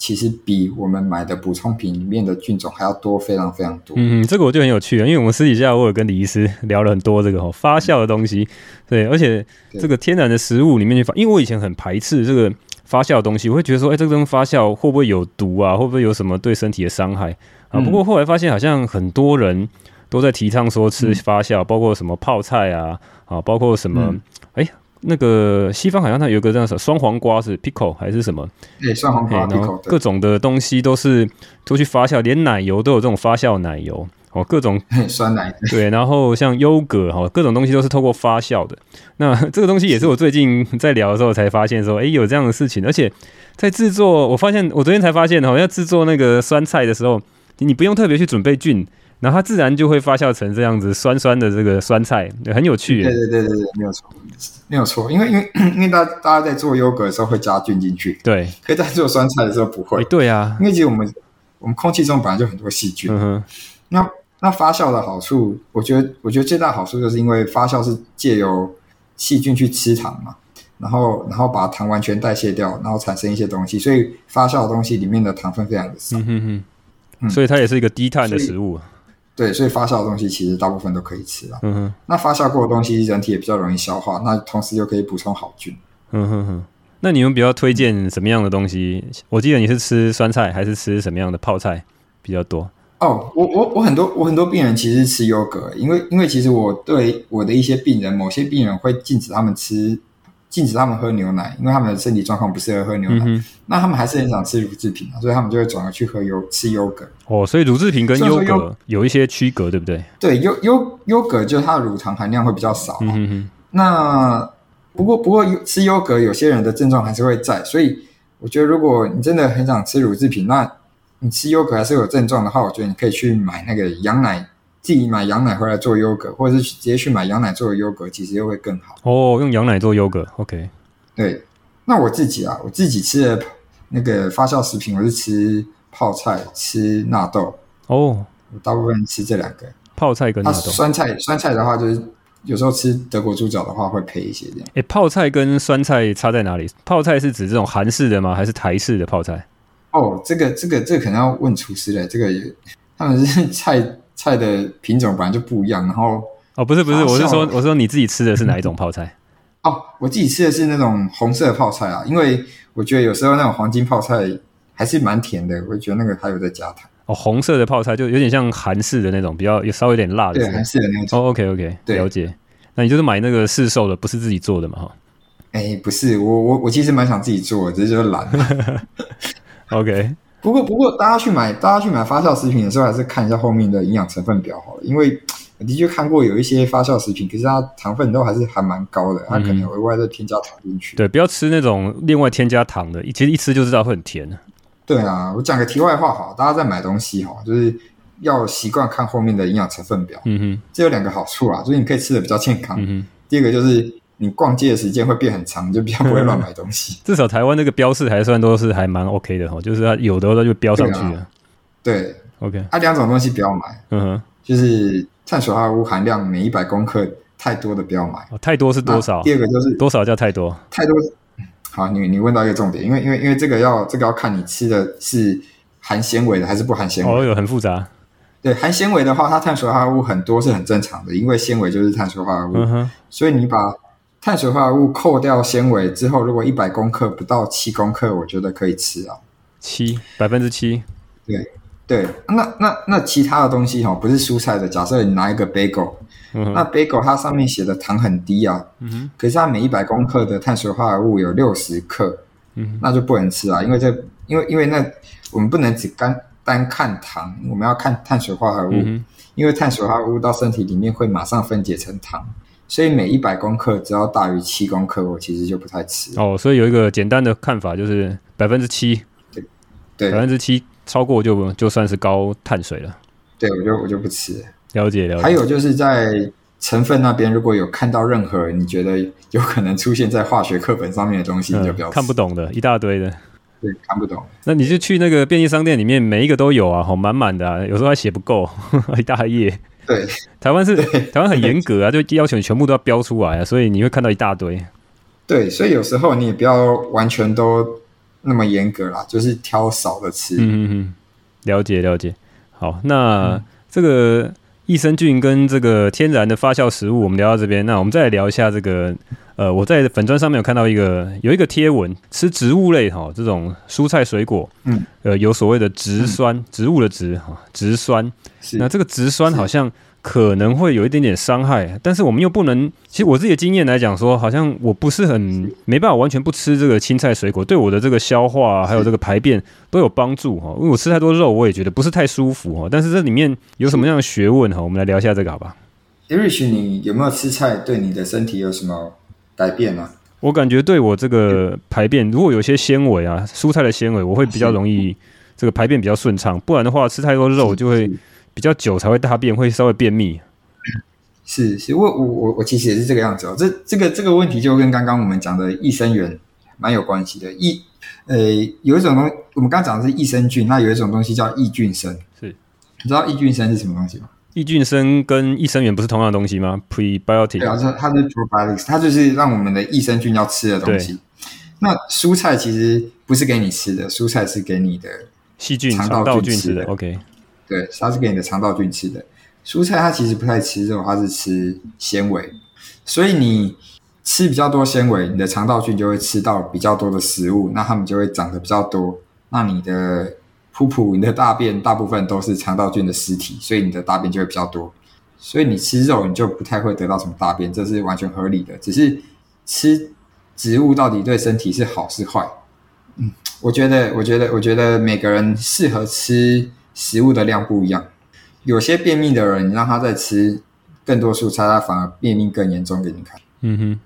其實比我們買的補充品裡面的菌種還要多，非常非
常多。嗯，這個我就很有趣了，因為我們私底下我有跟李醫師聊了很多這個哦發酵的東西。對，而且這個天然的食物裡面去發，對因為我以前很排斥這個發酵的東西，我會覺得說，哎，這個東西發酵會不會有毒啊？會不會有什麼對身體的傷害啊？不過後來發現，好像很多人都在提倡說吃發酵，嗯、包括什麼泡菜啊，啊，包括什麼，哎、嗯。誒那個西方好像它，有一個叫什酸黃瓜，是，是 pickle 還是什麼？對、
欸，酸黃瓜各
種的東西都是都去發酵，對連奶油都有這種發酵奶油哦，各種酸奶，對，然後像優格哈、哦，各種東西都是透過發酵的。那這個東西也是我最近在聊的時候才發現說，哎是，有這樣的事情。而且在制作，我發現我昨天才發現好像、哦、制作那個酸菜的時候，你不用特別去準備菌。然後它自然就會發酵成這樣子酸酸的這個酸菜，很有趣耶。對
對對對對，沒有錯，沒有錯。因為因為因為大家大家在做優格的時候會加菌進去，對，可以在做酸菜的時候不會。哎、對啊，因為其實我們我們空氣中本來就很多細菌。嗯、哼那那發酵的好處，我覺得我覺得最大好處就是因為發酵是借由細菌去吃糖嘛，然後然後把糖完全代謝掉，然後產生一些東西，所以發酵的東西裡面的糖分非常的少。嗯哼哼，所以它也是一個低碳的食物。對，所以發酵的東西其實大部分都可以吃啊。嗯哼，那發酵過的東西，人體也比較容易消化，那同時又可以補充好菌。嗯哼
哼，那你們比較推薦什麼樣的東西？我記得你是吃酸菜還是吃什麼樣的泡菜比較多？
哦、oh，我我我很多我很多病人其實吃優格，因為因為其實我對我的一些病人，某些病人會禁止他們吃。禁止他們喝牛奶，因為他們的身體狀況不適合喝牛奶。嗯哼。那他們還是很想吃乳制品、啊、所以他們就會轉而去喝優吃優格。
哦，所以乳制品跟優格，嗯、說說優格有一些區隔，對不對？
對，優優優格就是它的乳糖含量會比較少，啊。嗯哼。那不過不過吃優格有些人的症狀還是會在。所以我覺得，如果你真的很想吃乳制品，那你吃優格還是有症狀的話，我覺得你可以去買那個羊奶。自己買羊奶回來做優格，或者是直接去買羊奶做優格，其實又會更
好。哦，用羊奶做優格對，OK。對，那我自
己啊，我自己吃的那個發酵食品，我是吃泡菜，吃納豆。哦，我大部分吃這兩個泡菜跟納豆。酸菜、酸菜的話就是有時候吃德國豬腳的話會配一些這樣。
誒、欸，泡菜跟酸菜差在哪裡？泡菜是指這種韓式的嗎？還是台式的泡菜？
哦，這個這個這個可能要問廚師了。這個、這個這個、他們是菜。菜的品種本來就不一樣，然後
哦，不是不是，我是說，我說你自己吃的是哪一種泡菜？
哦，我自己吃的是那種紅色的泡菜啊，因為我覺得有時候那種黃金泡菜還是蠻甜的，我覺得那個還有在加糖
哦。紅色的泡菜就有點像韓式的那種，比較有稍微有點辣的，對，韓式的那種。哦，OK OK，對了解。那你就是買那個市售的，不是自己做的嘛？哈，哎，不是，
我我我其實蠻想自己做的，只是說懶啊。 OK。不過，不過，大家去買，大家去買發酵食品的時候，還是看一下後面的營養成分表好了。因為的確看過有一些發酵食品，可是它糖分都還是還蠻高的，嗯哼，它可能額外的添加糖進去。對，不
要吃那種另外添加糖的，一其實一吃就知道會很甜了。
對啊，我講個題外話哈，大家在買東西哈，就是要習慣看後面的營養成分表。嗯哼，這有兩個好處啊，就是你可以吃的比較健康。嗯哼，第二個就是。你逛街的時間會變很長，就比較不會亂買東西。
呵呵，至少台灣那個標示還算都是還蠻 OK 的哈，就是它有的它就標上去了。對,、
啊、對，OK、啊。它兩種東西不要買，嗯哼，就是碳水化合物含量每一百公克太多的不要買。哦、太多是多少？第二個就是多少叫太多？太多？好，你你問到一個重點，因為因為因為這個要這個要看你吃的是含纖維的還是不含纖維，哦，有很複雜。對，含纖維的話，它碳水化合物很多是很正常的，因為纖維就是碳水化合物，嗯哼，所以你把。碳水化合物扣掉纖維之後，如果一百公克不到七公克，我覺得可以吃啊。七百分之七，對對。那那那其他的東西哈，不是蔬菜的，假設你拿一個 bagel，、嗯、哼那 bagel 它上面寫的糖很低啊，嗯、哼可是它每一百公克的碳水化合物有六十克，嗯、哼那就不能吃啊，因為這因為因為那我們不能只單單看糖，我們要看碳水化合物，嗯、哼因為碳水化合物到身體裡面會馬上分解成糖。所以每一百公克只要大於七公克，我其實就不太吃。
哦，所以有一個簡單的看法就是百分之七，對，百分之七超過就就算是高碳水了。
對，我就我就不吃。
了解了解。還有
就是在成分那邊，如果有看到任何你覺得有可能出現在化學課本上面的東西，你、嗯、就比較看不懂的一大堆的，對，看不懂。
那你就去那個便利商店裡面，每一個都有啊，好滿滿的、啊，有時候還寫不夠 一大頁。對，台灣是台灣很嚴格啊，就要求你全部都要標出來啊，所以你會看到一大堆。
對，所以有時候你也不要完全都那麼嚴格啦，就是挑少的吃。嗯，嗯嗯，了解了解。好，
那這個益生菌跟這個天然的發酵食物，我們聊到這邊，那我們再來聊一下這個。呃，我在粉專上面有看到一個有一個貼文，吃植物類哈，這種蔬菜水果，嗯，呃，有所謂的植酸，植物的植哈，植酸，嗯，那這個植酸好像。可能會有一點點傷害，但是我們又不能。其實我自己的經驗來講說，說好像我不是很是沒辦法完全不吃這個青菜水果，對我的這個消化、啊、還有這個排便是都有幫助哈、哦。因為我吃太多肉，我也覺得不是太舒服哈、哦。但是這裡面有什麼樣的學問哈、哦？是我們來聊一下這個好吧。
Rich 你有沒有吃菜？對你的身體有什麼改變嗎、啊？
我感覺對我這個排便，如果有些纖維啊，蔬菜的纖維，我會比較容易是這個排便比較順暢。不然的話，吃太多肉就會。比較久才會大便，會稍微便秘。
是是，我我我我其實也是這個樣子哦、喔。這這個這個問題就跟剛剛我們講的益生元蠻有關係的。益呃，有一種東西，我們剛剛講的是益生菌，那有一種東西叫益菌生。是，你知道益菌生是什麼東西嗎？
益菌生跟益生元不是同樣的東
西嗎？Prebiotic。Pre 對啊，它是 Prebiotics，它就是讓我們的益生菌要吃的東西。對那蔬菜其實不是給你吃的，蔬菜是給你的細菌腸道菌吃的。的 OK。對，它是給你的腸道菌吃的。蔬菜它其實不太吃肉，它是吃纖維。所以你吃比較多纖維，你的腸道菌就會吃到比較多的食物，那它們就會長得比較多。那你的噗噗，你的大便大部分都是腸道菌的屍體，所以你的大便就會比較多。所以你吃肉，你就不太會得到什麼大便，這是完全合理的。只是吃植物到底對身體是好是壞？嗯，我覺得，我覺得，我覺得每個人適合吃。食物的量不一樣，有些便秘的人，你讓他再吃更多蔬菜，他反而便秘更嚴重。給你看，嗯哼，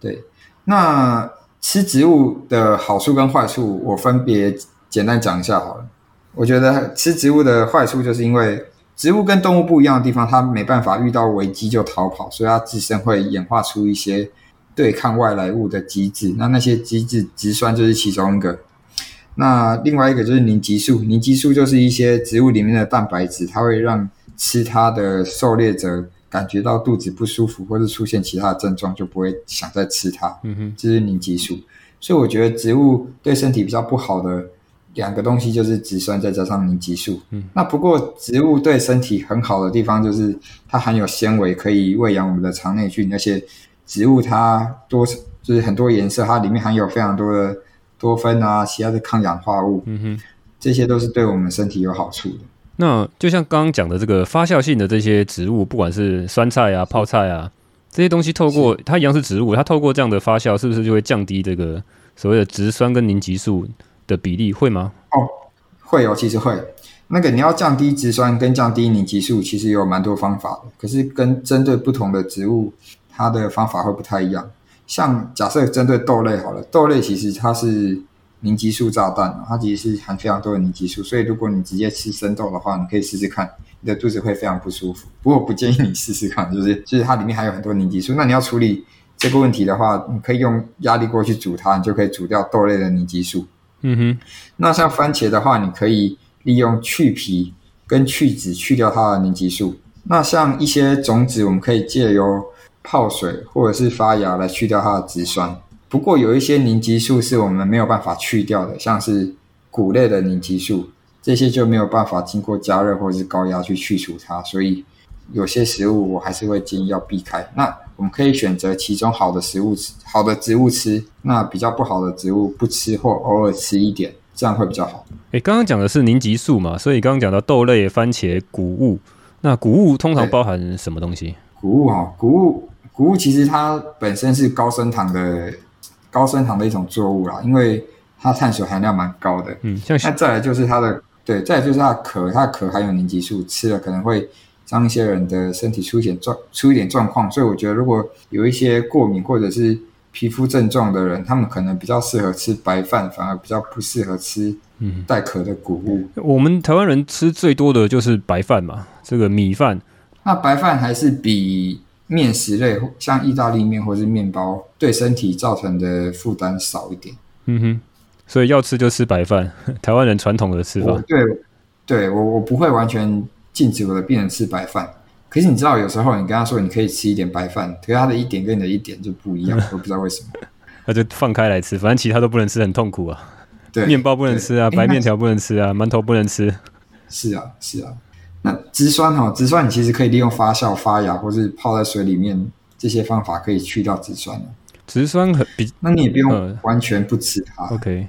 對。那吃植物的好處跟壞處，我分別簡單講一下好了。我覺得吃植物的壞處，就是因為植物跟動物不一樣的地方，它沒辦法遇到危機就逃跑，所以它自身會演化出一些對抗外來物的機制。那那些機制，植酸就是其中一個。那另外一個就是凝集素，凝集素就是一些植物裡面的蛋白質，它會讓吃它的狩獵者感覺到肚子不舒服，或者出現其他症狀，就不會想再吃它。嗯哼，這是凝集素。所以我覺得植物對身體比較不好的兩個東西就是植酸，再加上凝集素。嗯，那不過植物對身體很好的地方就是它含有纖維，可以餵養我們的腸內菌。那些植物它多就是很多顏色，它裡面含有非常多的。多酚啊，其他的抗氧化物，嗯哼，這些都是對我們身體有好處的。
那就像剛剛講的這個發酵性的這些植物，不管是酸菜啊、泡菜啊這些東西，透過是它一樣是植物，它透過這樣的發酵，是不是就會降低這個所謂的植酸跟凝集素的比例？會嗎？
哦，會哦，其實會。那個你要降低植酸跟降低凝集素，其實也有蠻多方法的，可是跟針對不同的植物，它的方法會不太一樣。像假設針對豆類好了，豆類其實它是凝集素炸彈，它其實是含非常多的凝集素，所以如果你直接吃生豆的話，你可以試試看，你的肚子會非常不舒服。不過不建議你試試看，就是就是它裡面含有很多凝集素。那你要處理這個問題的話，你可以用壓力鍋去煮它，你就可以煮掉豆類的凝集素。嗯哼。那像番茄的話，你可以利用去皮跟去籽，去掉它的凝集素。那像一些種子，我們可以借由泡水或者是發芽來去掉它的植酸，不過有一些凝集素是我們沒有辦法去掉的，像是穀類的凝集素，這些就沒有辦法經過加熱或者是高壓去去除它，所以有些食物我還是會建議要避開。那我們可以選擇其中好的食物、好的植物吃，那比較不好的植物不吃或偶爾吃一點，這樣會比較好。
哎，剛剛講的是凝集素嘛，所以剛剛講到豆類、番茄、穀物，那穀物通常包含
什麼東西？穀物啊、哦，穀物。穀物其實它本身是高升糖的，高升糖的一種作物啦，因為它碳水含量蠻高的。嗯，那再來就是它的，對，再來就是它的殼，它的殼含有凝集素，吃了可能會讓一些人的身體出現狀出一點狀況。所以我覺得，如果有一些過敏或者是皮膚症狀的人，他們可能比較適合吃白飯，反而比較不適合吃帶殼的穀物。嗯嗯、我們台灣人吃最多的就是白飯嘛，這個米飯。那白飯還是比。麵食類，像意大利麵或是麵包，對身體造成的負擔少一點。
嗯哼，所以要吃就吃白飯，台灣人傳統的吃法。
對，對，我我不會完全禁止我的病人吃白飯。可是你知道，有時候你跟他說你可以吃一點白飯，可是他的一點跟你的一點就不一樣， 我不知道為什麼？那 就放開來吃，反
正其他都不能吃，很痛苦啊。對，麵包不能吃啊，欸、白麵條不能吃啊，饅那頭不能吃。
是啊，是啊。那植酸哈，植酸你其實可以利用發酵、發芽，或是泡在水裡面，這些方法可以去掉植酸。植酸很比，那你也不用完全不吃它。呃、OK，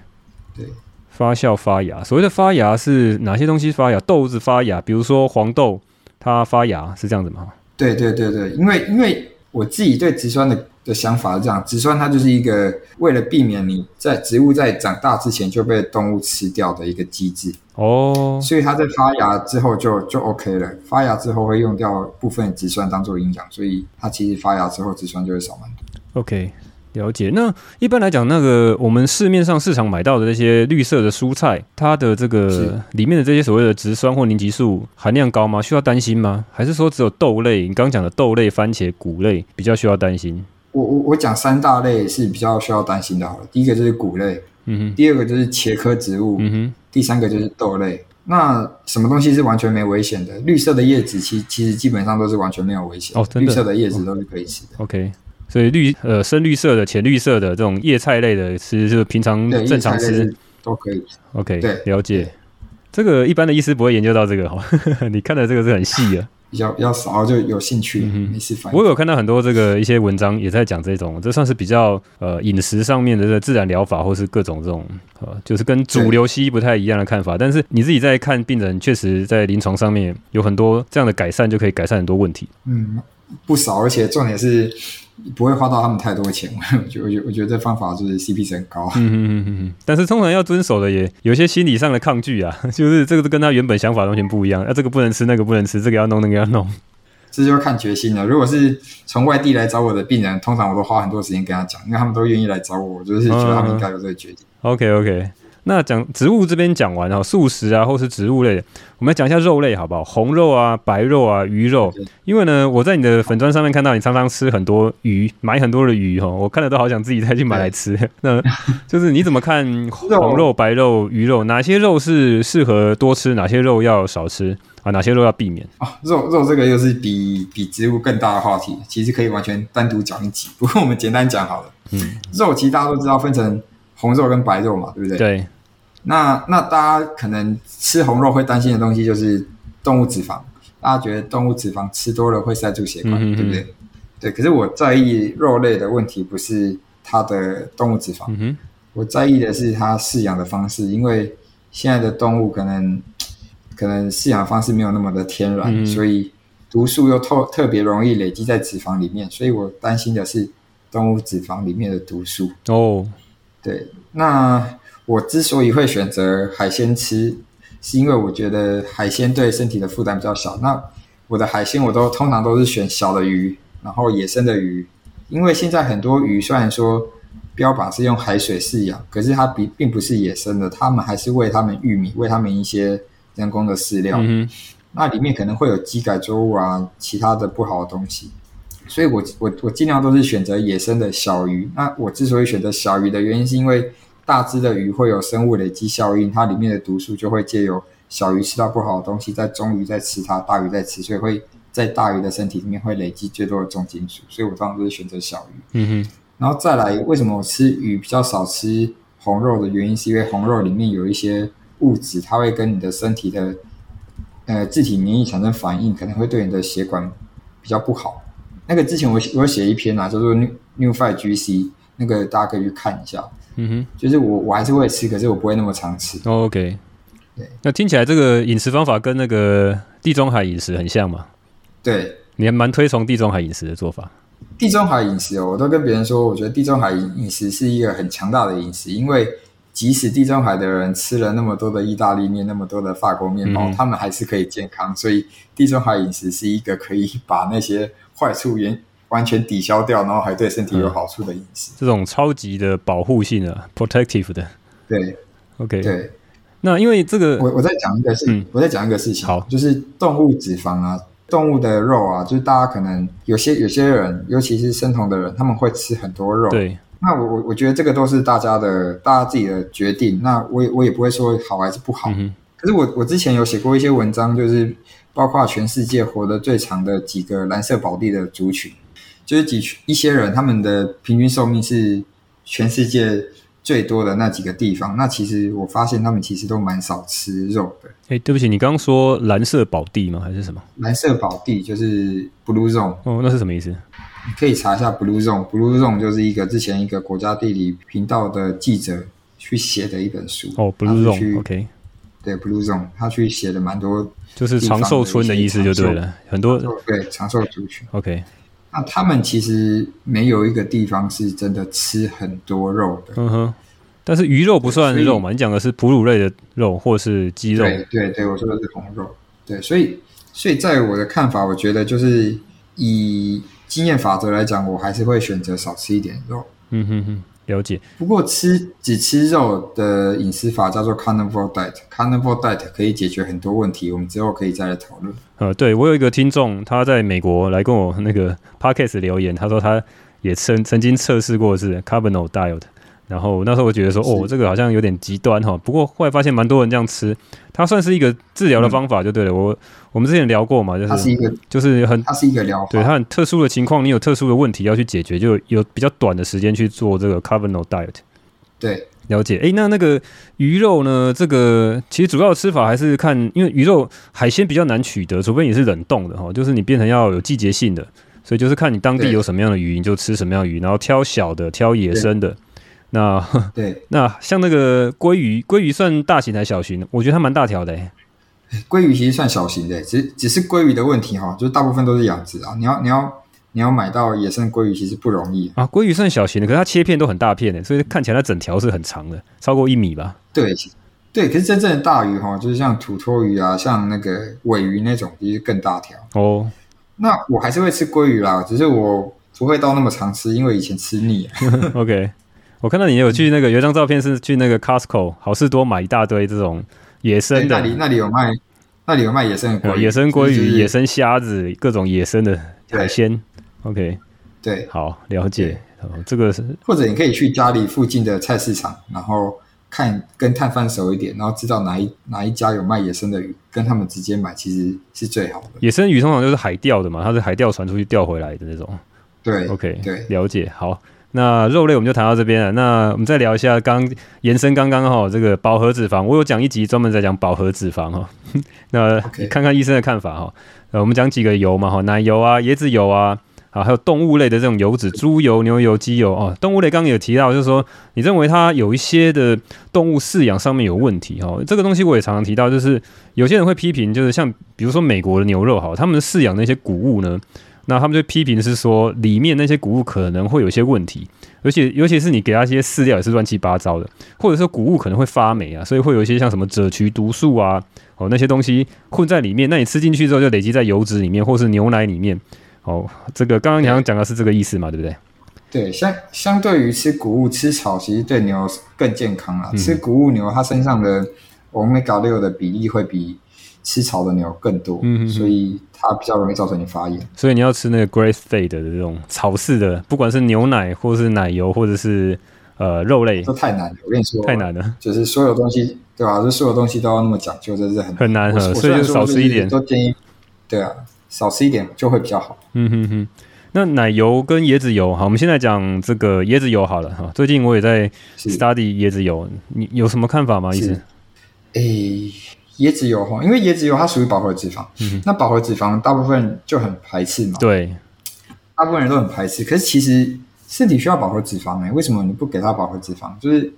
對，
發酵發芽，所謂的發芽是哪些東西發芽？豆子發芽，比如說黃豆，它發芽是這樣子嗎？對對對對，
因為因為我自己對植酸的。的想法是這樣，植酸它就是一個為了避免你在植物在長大之前就被動物吃掉的一個機制哦，oh. 所以它在發芽之後就就 OK 了。發芽之後會用掉部分植酸當做營養，所以它其實發芽之後植酸就會少蠻多。OK，
了解。那一般來講，那個我們市面上市場買到的那些綠色的蔬菜，它的這個裡面的這些所謂的植酸或凝集素含量高嗎？需要擔心嗎？還是說只有豆類？你剛剛講的豆類、番
茄、穀類比較需要擔心？我我我講三大類是比較需要擔心的，第一個就是穀類，嗯哼，第二個就是茄科植物，嗯哼，第三個就是豆類。那什麼東西是完全沒危險的？綠色的葉子其，其其實基本上都是完全沒有危險哦，真的。綠色的葉子都是可以吃
的。嗯、OK，所以綠呃深綠色的、淺綠色的這種葉菜類的吃，其實就是平常正常吃
都可以。OK，對，
了解。對這個一般的醫師不會研究到這個哈，你看的這個是很細的、啊。
比較比較少，就有興趣。嗯、沒事反
應，我有看到很多這個一些文章也在講這種，這算是比較呃飲食上面的這個自然療法，或是各種這種、呃、就是跟主流西醫不太一樣的看法。對但是你自己在看病人，確實在臨床上面有很多這樣的改善，就可以改善很多問題。
嗯，不少，而且重點是。不會花到他們太多錢，我覺得我覺得這方法就是 CP 值很高，嗯哼嗯哼。
但是通常要遵守的也有些心理上的抗拒啊，就是這個跟他原本想法完全不一樣，那、嗯啊、這個不能吃，那個不能吃，這個要弄，那個要弄，
這就要看決心了。如果是從外地來找我的病人，通常我都花很多時間跟他講，因為他們都願意來找我，就是覺得他們應該有這個決心。
OK，OK。Okay, okay. 那講植物這邊講完啊、哦，素食啊，或是植物類的，我們來講一下肉類好不好？紅肉啊，白肉啊，魚肉。因為呢，我在你的粉專上面看到你常常吃很多魚，買很多的魚哦。我看了都好想自己再去買來吃。對 那就是你怎麼看紅肉、肉白肉、魚肉？哪些肉是適合多吃？哪些肉要少吃啊？哪些肉要避免啊？
肉肉這個又是比比植物更大的話題，其實可以完全單獨講一集。不過我們簡單講好了。嗯，嗯，肉其實大家都知道分成紅肉跟白肉嘛，對不對？對。那那大家可能吃紅肉會擔心的東西就是動物脂肪，大家覺得動物脂肪吃多了會塞住血管，嗯嗯對不對？對。可是我在意肉類的問題不是它的動物脂肪，嗯、哼我在意的是它飼養的方式，因為現在的動物可能可能飼養方式沒有那麼的天然，嗯、所以毒素又特特別容易累積在脂肪裡面，所以我擔心的是動物脂肪裡面的毒素。哦，對，那。我之所以會選擇海鮮吃，是因為我覺得海鮮對身體的負擔比較小。那我的海鮮我都通常都是選小的魚，然後野生的魚，因為現在很多魚雖然說標榜是用海水飼養，可是它並並不是野生的，它們還是餵它們玉米，餵它們一些人工的飼料，嗯、哼那裡面可能會有基改作物啊，其他的不好的東西。所以我我我盡量都是選擇野生的小魚。那我之所以選擇小魚的原因是因為。大隻的魚會有生物累積效應，它裡面的毒素就會借由小魚吃到不好的東西，再中魚再吃它，大魚再吃，所以會在大魚的身體裡面會累積最多的重金屬。所以我通常都是選擇小魚。嗯哼，然後再來，為什麼我吃魚比較少吃紅肉的原因，是因為紅肉裡面有一些物質，它會跟你的身體的呃自體免疫產生反應，可能會對你的血管比較不好。那個之前我我寫一篇啊，叫做、Neu- Neu5Gc。那個大家可以去看一下，嗯哼，就是我我還是會吃，可是我不會那麼常吃。
哦、OK，對，那聽起來這個飲食方法跟那個地中海飲食很像嗎？對，你還蠻推崇地中海飲食的
做法。地中海飲食哦，我都跟別人說，我覺得地中海飲食是一個很強大的飲食，因為即使地中海的人吃了那麼多的意大利麵，那麼多的法國麵包，嗯、哼他們還是可以健康。所以地中海飲食是一個可以把那些壞處源。完全抵消掉，然後還對身體有好處的意
思。這種超級的保護性的、啊、（protective） 的，
對，OK，對。Okay. 對那因為這個，我我再講一個，事，嗯、我再講一個事情，好，就是動物脂肪啊，動物的肉啊，就是大家可能有些有些人，尤其是生酮的人，他們會吃很多肉。對，那我我我覺得這個都是大家的大家自己的決定。那我也我也不會說好還是不好。嗯、哼可是我我之前有寫過一些文章，就是包括全世界活得最長的幾個藍色寶地的族群。就是幾一些人，他們的平均壽命是全世界最多的那幾個地方。那其實我發現他們其實都蠻少吃肉的。哎、欸，對不起，你剛剛說藍色寶地嗎？還是什麼？藍色寶地就是 Blue Zone。哦，那是什麼意思？你可以查一下 Blue Zone。Blue Zone 就是一個之前一個國家地理頻道的記者去寫的一本書。哦，Blue Zone 他去。OK。對，Blue Zone，他去寫了蠻多，就是長壽村的意思就對了。很多長對長壽族群。OK。那、啊、他們其實沒有一個地方是真的吃很多肉的。嗯哼，
但是魚肉不算肉嘛？你講的是哺乳類的肉或是雞肉？對對對，
我說的是紅肉。對，所以所以在我的看法，我覺得就是以經驗法則來講，我還是會選擇少吃一點肉。嗯哼哼。了解，不過吃只吃肉的飲食法叫做 Carnivore Diet，Carnivore Diet 可以解決很多問題，我們之後可以再來討論。
呃、嗯，對我有一個聽眾，他在美國來跟我那個 Podcast 留言，他說他也曾曾經測試過是 Carnivore Diet，然後那時候我覺得說是哦，這個好像有點極端哈，不過後來發現蠻多人這樣吃。它算是一個治療的方法就對了。嗯、我我們之前聊過嘛，就是它是一個，就是很它是一個療法，對，它很特殊的情況，你有特殊的問題要去解決，就有比較短的時間去做這個 carnivore diet。對，了解。誒、欸。那那個魚肉呢？這個其實主要的吃法還是看，因為魚肉海鮮比較難取得，除非你是冷凍的哈，就是你變成要有季節性的，所以就是看你當地有什麼樣的魚，對你就吃什麼樣的魚，然後挑小的，挑野生的。那對，
那像那個鮭魚，鮭魚算大型還是小型的？我覺得它蠻大條的。鮭魚其實算小型的，只只是鮭魚的問題哈、哦，就是大部分都是養殖啊。你要你要你要買到野生鮭魚，其實不容易
啊。鮭魚算小型的，可是它切片都很大片的，所以看起來它整條是很長的，
超過一米吧。對對，可是真正的大魚哈、哦，就是像土魠魚啊，像那個鮪魚那種，其實更大條。哦，oh. 那我還是會吃鮭魚啦，只是我不會到那麼常吃，因為以前吃膩了。 OK。
我看到你有去那個，有一張照片是去那個 Costco 好事多買一大堆這種野生的。欸、那裡那裡有
賣，那裡有賣野生的、就是、野生鮭魚、野
生蝦子，各種野生的海鮮。OK，對
，okay, 對好
了解。哦對，這個是
或者你可以去家裡附近的菜市場，然後看跟攤販熟一點，然後知道哪一哪一家有賣野生的魚，跟他們直接買其實是最好的。野生魚通常就是海釣的嘛，它是海釣船出去釣回來的那種。
對，OK，對，okay, 對了解。好。那肉類我們就談到這邊了。那我們再聊一下剛剛，剛延伸剛剛哈，這個飽和脂肪，我有講一集專門在講飽和脂肪哈。那看看醫生的看法哈。呃，我們講幾個油嘛哈，奶油啊、椰子油啊，啊，還有動物類的這種油脂，豬油、牛油、雞油哦。動物類剛剛有提到，就是說你認為它有一些的動物飼養上面有問題哈、哦。這個東西我也常常提到，就是有些人會批評，就是像比如說美國的牛肉哈，他們的飼養那些穀物呢，那他們就批評是說，裡面那些穀物可能會有些問題，而且尤其是你給它一些飼料也是亂七八糟的，或者說穀物可能會發霉啊，所以會有一些像什麼赭曲毒素啊，哦，那些東西混在裡面，那你吃進去之後就累積在油脂裡面，或是牛奶裡面，哦，這個剛剛你好
像講的是這個意思嘛，對，對不對？對，相相對於吃穀物吃草，其實對牛更健康啊。嗯、吃穀物牛它身上的 Omega 六的比例會比。吃草的牛更多，嗯哼所以它比較容易造成你發炎，
所以你要吃那個 grass fed 的這種草飼的，不管是牛奶或是奶油或者是呃肉類，都太難了。
我跟你說，太難了，就是所有東西，對吧，啊？這所有東西都要那麼講究，真是很很難哈。所以就少吃一點，都建議。對啊，少吃一點就會比較好。嗯
哼哼。那奶油跟椰子油，好，我們現在講這個椰子油好了哈。最近我也在 study
椰子油，是你有什麼看法嗎？是醫師？誒、欸。椰子油哈，因為椰子油它屬於飽和脂肪，嗯、哼那飽和脂肪大部分就很排斥嘛。對，大部分人都很排斥。可是其實身體需要飽和脂肪哎，為什麼你不給它飽和脂肪？就是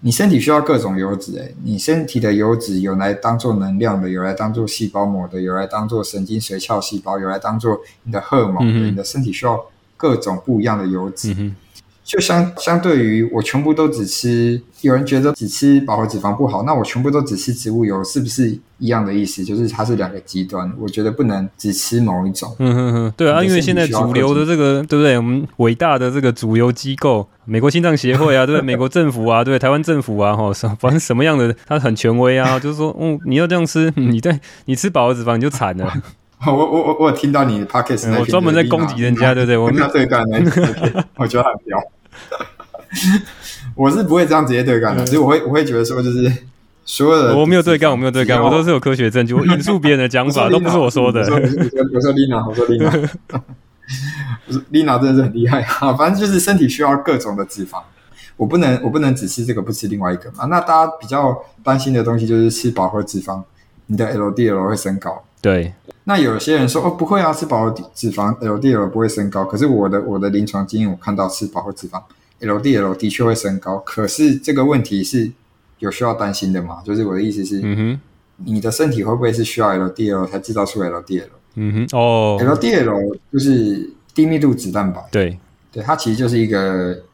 你身體需要各種油脂哎，你身體的油脂有來當做能量的，有來當做細胞膜的，有來當做神經髓鞘細胞，有來當做你的荷爾蒙。嗯、哼你的身體需要各種不一樣的油脂。嗯就相相對於我全部都只吃。有人覺得只吃飽和脂肪不好，那我全部都只吃植物油，是不是一樣的意思？就是它是兩個極端，我覺得不能只吃某一種。嗯哼哼，對啊，因為現在主流的這
個，對不對？我們偉大的這個主流機構，美國心臟協會啊，對不對？美國政府啊， 對台灣政府啊，哈，反正什麼樣的它很權威啊， 就是說，嗯，你要這樣吃，嗯、你對，你吃飽和脂肪你就慘了。
我我我我有聽到你 podcast，欸，那邊，我專門在攻擊人家，嗯、對不對，對？我們要對幹，欸， 我覺得很彪。 我是不會這樣直接對幹的，其實 我會，我會覺得，說就是所有人？我沒有對幹，我沒有對幹，我都是
有科學證據。我引述別人的講法， 都不是我說的。我說，我說麗娜，我說麗
娜，l i 麗娜真的是很厲害啊！ 反正就是身體需要各種的脂肪，我不能我不能只吃這個不吃另外一個嘛。那大家比較擔心的東西就是吃飽和脂肪，你的 LDL 會升高。對，那有些人說哦，不會啊，飽和脂肪 LDL 不會升高。可是我的我的臨床經驗，我看到飽和脂肪 LDL 的確會升高。可是這個問題是有需要擔心的嗎？就是我的意思是，嗯哼，你的身體會不會是需要 LDL 才製造出 LDL？嗯哼，哦，LDL 就是低密度脂蛋白。對，對，它其實就是一個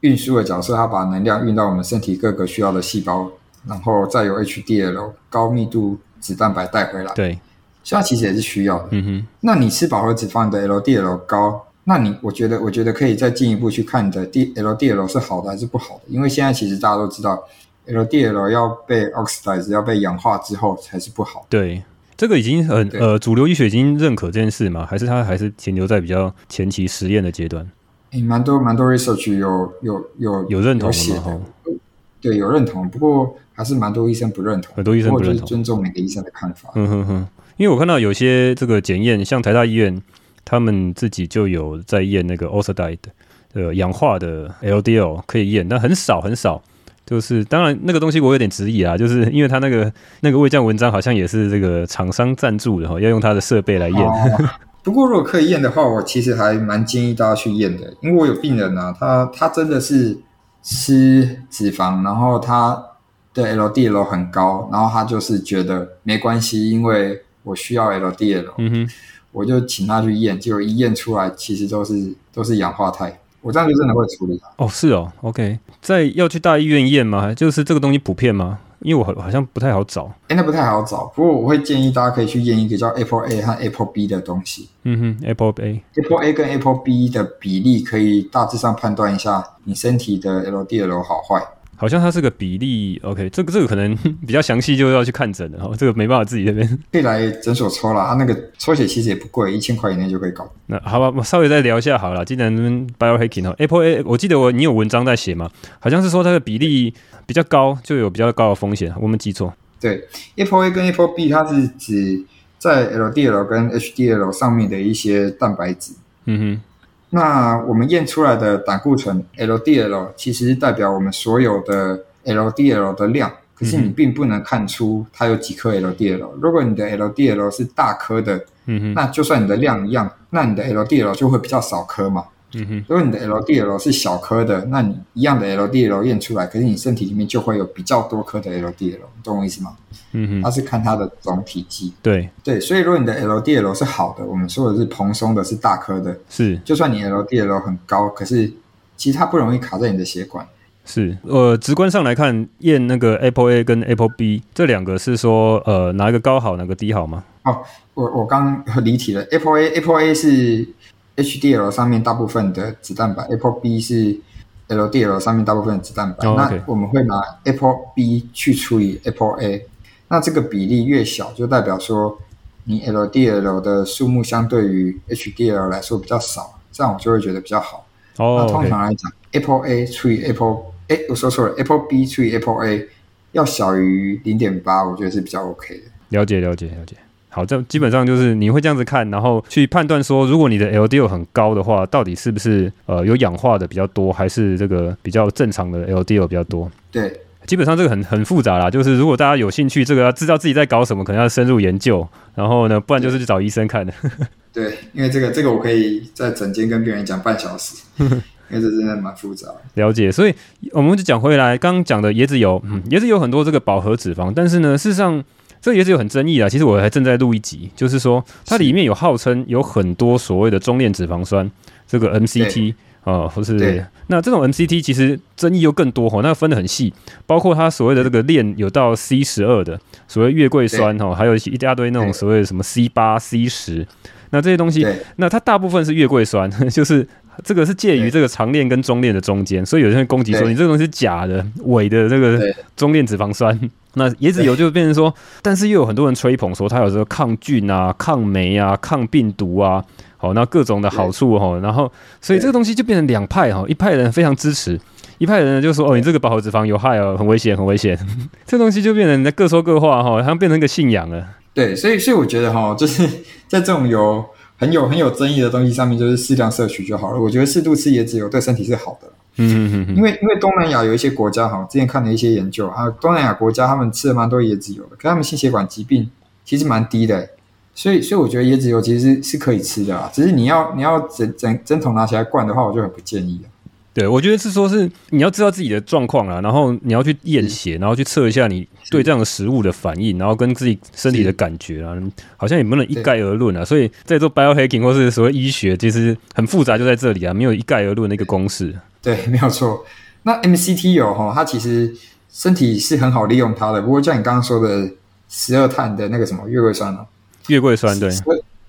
運輸的角色，它把能量運到我們身體各個需要的細胞，然後再由 HDL 高密度脂蛋白帶回來。對。所以它其實也是需要的。嗯哼，那你吃飽和脂肪的 LDL 高，那你我覺得，我覺得可以再進一步去看你的 DLDL 是好的還是不好的，因為現在其實大家都知道 LDL 要被 oxidized，要被氧化之後才是不好的。對，
這個已經很對呃主流醫學已經認可這件事嘛，還是他還是停留在比較前期實驗的階段？
誒，蠻多蠻多 research 有有有有，有認同的有寫的對，有認同，不過還是蠻多醫生不認同，很多醫生不認同。尊重每個醫生的看法。嗯哼
哼。因為我看到有些這個檢驗，像台大醫院，他們自己就有在驗那個 oxidized 呃氧化的 LDL 可以驗，但很少很少。就是當然那個東西我有點質疑啊，就是因為他那個那個未將文章好像也是這個廠商贊
助的哈，要用他的設備來驗。不過如果可以驗的話，我其實還蠻建議大家去驗的，因為我有病人啊，他他真的是吃脂肪，然後他的 LDL 很高，然後他就是覺得沒關係，因為。我需要 LDL，嗯哼，我就請他去驗，結果一驗出來，其實都是都是氧化態，我這樣就真的會處理他。哦，是哦，OK，
在要去大醫院驗嗎？就是這個東西普遍嗎？因為我好好像不太好找。
哎、欸，那不太好找，不過我會建議大家可以去驗一個叫 ApoA 和 ApoB 的東西。嗯哼，ApoA，ApoA 跟 ApoB 的比例可以大致上判斷一下你身體的 LDL 好壞。好像它是個比例，OK，這個這個可能比較詳細，就要去看診了哈、喔，這個沒辦法自己在那邊。可以來診所抽啦，它、啊、那個抽血其實也不貴，一千塊以內就可以搞。
那好吧，我稍微再聊一下好了啦。既然 Biohacking、喔、Apple A，我記得我你有文章在寫嗎？好像是說它的比例比較高，就有比較高的風險，我沒記錯。
對，Apple A 跟 Apple B，它是指在 LDL 跟 HDL 上面的一些蛋白質。嗯哼。那我們驗出來的膽固醇 （LDL） 其實代表我們所有的 LDL 的量，可是你並不能看出它有幾顆 LDL。如果你的 LDL 是大顆的，那就算你的量一樣，那你的 LDL 就會比較少顆嘛。嗯哼，如果你的 LDL 是小顆的，那你一樣的 LDL 驗出來，可是你身體裡面就會有比較多顆的 LDL。懂我意思嗎？嗯
哼，
它是看它的總體積。對對，所以如果你的 LDL 是好的，我們說的是蓬鬆的、的，是大顆的。是，就算你 LDL 很高，可是其實它不容易卡在你的血管。
是，呃，直觀上來看，驗那個 ApoA 跟 ApoB 這兩個是說，呃，哪一個高好，哪個低好嗎？哦，
我我剛離題了 ApoA。ApoA 是。HDL 上面大部分的脂蛋白，ApoB 是 LDL 上面大部分脂蛋白。Oh, okay. 那我們會拿 ApoB 去除以 ApoA，那這個比例越小，就代表說你 LDL 的數目相對於 HDL 來說比較少，這樣我就會覺得比較好。Oh, okay. 那通常來講，ApoA 除以 Apo 哎，我說錯了，ApoB 除以 ApoA 要小於零點八，我覺得是比較 OK 的。了解，了解，了解。好，這
基本上就是你會這樣子看，然後去判斷說，如果你的 LDL 很高的話，到底是不是呃有氧化的比較多，還是這個比較正常的 LDL 比較多？對，基本上這個很很複雜啦。就是如果大家有興趣，這個要知道自己在搞什麼，可能要深入研究。然後呢，不然就是去找醫生看的。
對，因為這個這個我可以在診間跟病人講半小時， 因為這真的蠻複雜
的。了解，所以我們就講回來，剛剛講的椰子油，嗯，椰子油很多這個飽和脂肪，但是呢，事實上。這個也是有很爭議的。其實我還正在錄一集，就是說它裡面有號稱有很多所謂的中鏈脂肪酸，是這個 MCT 啊對，或、哦、是對那這種 MCT 其實爭議又更多哈，那分得很細，包括它所謂的這個鏈有到 C 十二的所謂月桂酸哈對、哦，還有一些一大堆那種所謂的什麼 C 八對 C 十，那這些東西，對那它大部分是月桂酸，就是。這個是介於這個長鏈跟中鏈的中間，對所以有些人攻擊說你這個東西是假的、對偽的這個中鏈脂肪酸。對那椰子油就變成說，對但是又有很多人吹捧說它有時候抗菌啊、抗酶啊、抗病毒啊，好、哦，那各種的好處哦。對然後，所以這個東西就變成兩派哈、哦，對一派人非常支持，一派人就說對哦，你這個飽和脂肪有害哦，很危險，很危險。 這東西就變成人家各說各話哈、哦，好像變成一個信仰了。
對，所以，所以我覺得哈、哦，就是在這種油。很有很有爭議的東西，上面就是適量攝取就好了。我覺得適度吃椰子油對身體是好的。嗯嗯嗯，因為因為東南亞有一些國家哈，之前看了一些研究啊，東南亞國家他們吃了蠻多椰子油的，可他們心血管疾病其實蠻低的。所以所以我覺得椰子油其實是可以吃的，只是你要你要整整整桶拿起來灌的話，我就很不建議了。對，我覺得是說是你要知道自己的狀況啦，然後你要去驗
血，嗯、然後去測一下你對這樣的食物的反應，是然後跟自己身體的感覺啦，是好像也不能一概而論啊。對所以在做 biohacking 或是所謂醫學，其實很複雜就在這裡啊，沒有一
概而論那個公式。對，沒有錯。那 MCT 有哈，它其實身體是很好利用它的。不過像你剛剛說的十二碳的那個什麼月桂酸哦，月桂酸對，十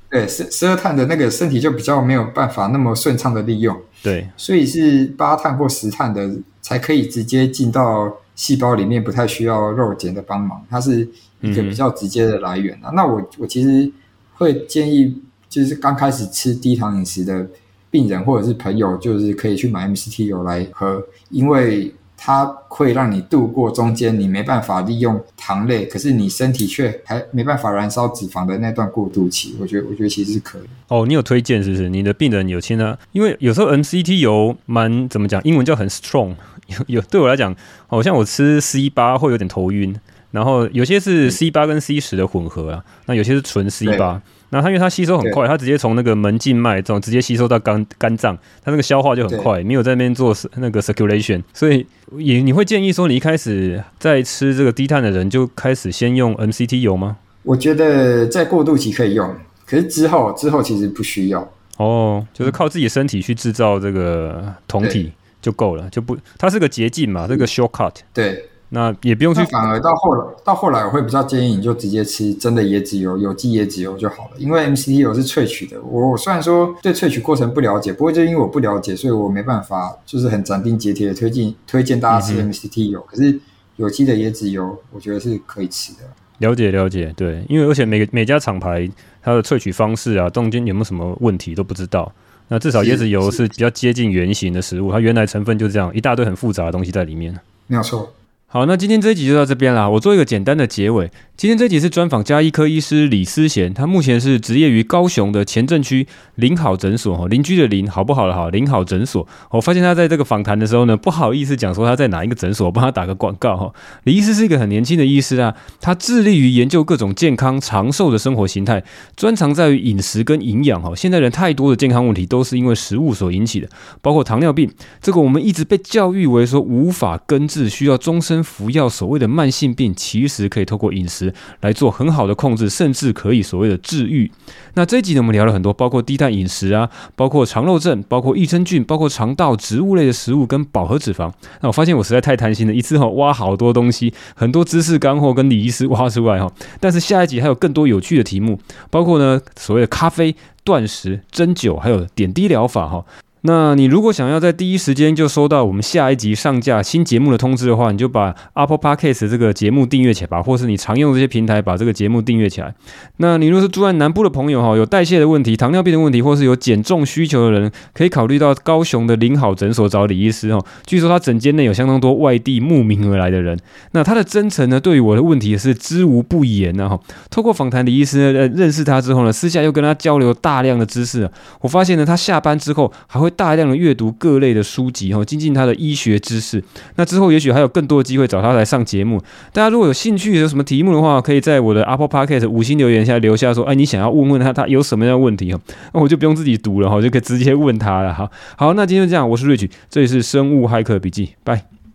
對十十二碳的那個身體就比較沒有辦法那麼順暢的利用。對，所以是八碳、或十碳的才可以直接進到細胞裡面，不太需要肉鹼的幫忙，它是一個比較直接的來源啊。嗯。那我我其實會建議，就是剛開始吃低醣飲食的病人或者是朋友，就是可以去買 MCT 油來喝，因為，它會讓你度過中間你沒辦法利用糖類，可是你身體卻還沒辦法燃燒脂肪的那段過渡期。我覺得，我覺得其實是可以。
哦，你有推薦是不是？你的病人有吃呢、啊？因為有時候 MCT 油蠻怎麼講，英文叫很 strong，有有對我來講，好、哦、像我吃 C 八會有點頭暈，然後有些是 C 八跟 C 十的混合啊，那有些是純 C 八。那它因為它吸收很快，它對直接從那個門靜脈中直接吸收到肝肝臟，它那個消化就很快，對沒有在那邊做那個 circulation，所以也你會建議說，你一開始在吃這個低碳的人就開始先用 MCT 油嗎？
我覺得在過渡期可以用，可是之後之後其實不需要。
哦，就
是靠自己身體去製造這個酮體
就夠了，對就不它是個捷徑嘛，這個 shortcut。對。那
也不用去，反而到後來到後來，我會比較建議你就直接吃真的椰子油，有機椰子油就好了。因為 MCT 油是萃取的，我雖然說對萃取過程不了解，不過就因為我不了解，所以我沒辦法就是很斬釘截鐵的推薦推薦大家吃 MCT 油。嗯哼。可是有機的椰子油，我覺得是可以吃的。
了解了解，對，因為而且每個每家廠牌它的萃取方式啊，中間有沒有什麼問題都不知道。那至少椰子油是比較接近原型的食物，它原來成分就是這樣一大堆很複雜的東西在裡面。
沒有錯。
好，那今天這一集就到這邊了。我做一個簡單的結尾。今天這集是專訪家醫科醫師李思賢，他目前是執業於高雄的前鎮區鄰好診所，哈，鄰居的鄰好，好，好，不好了，好，鄰好診所。我發現他在這個訪談的時候呢，不好意思講說他在哪一個診所，我幫他打個廣告，哈。李醫師是一個很年輕的醫師啊，他致力於研究各種健康長壽的生活形態，專長在於飲食跟營養，哈。現在人太多的健康問題都是因為食物所引起的，包括糖尿病，這個我們一直被教育為說無法根治，需要終身服藥，所謂的慢性病，其實可以透過飲食。來做很好的控制，甚至可以所謂的治癒。那這一集呢，我們聊了很多，包括低碳飲食啊，包括腸漏症，包括益生菌，包括腸道植物類的食物跟飽和脂肪。那我發現我實在太貪心了，一次哈、哦、挖好多東西，很多知識乾貨跟李醫師挖出來哈、哦。但是下一集還有更多有趣的題目，包括呢所謂的咖啡、斷食、針灸，還有點滴療法哈、哦。那你如果想要在第一時間就收到我們下一集上架新節目的通知的話，你就把 Apple Podcast 這個節目訂閱起來吧，或是你常用這些平台把這個節目訂閱起來。那你若是住在南部的朋友哈，有代謝的問題、糖尿病的問題，或是有減重需求的人，可以考慮到高雄的林好診所找李醫師哦。據說他診間內有相當多外地慕名而來的人。那他的真誠呢，對於我的問題也是知無不言吶哈。透過訪談李醫師認識他之後呢，私下又跟他交流大量的知識，我發現呢，他下班之後還會。大量的閱讀各類的書籍，哈，精進他的醫學知識。那之後，也許還有更多的機會找他來上節目。大家如果有興趣，有什麼題目的話，可以在我的 Apple Podcast 五星留言下留下，說，哎，你想要問問他，他有什麼樣的問題哈，那我就不用自己讀了哈，我就可以直接問他了哈。好，那今天就這樣，我是 Rich，這裡是生物駭客筆記，拜。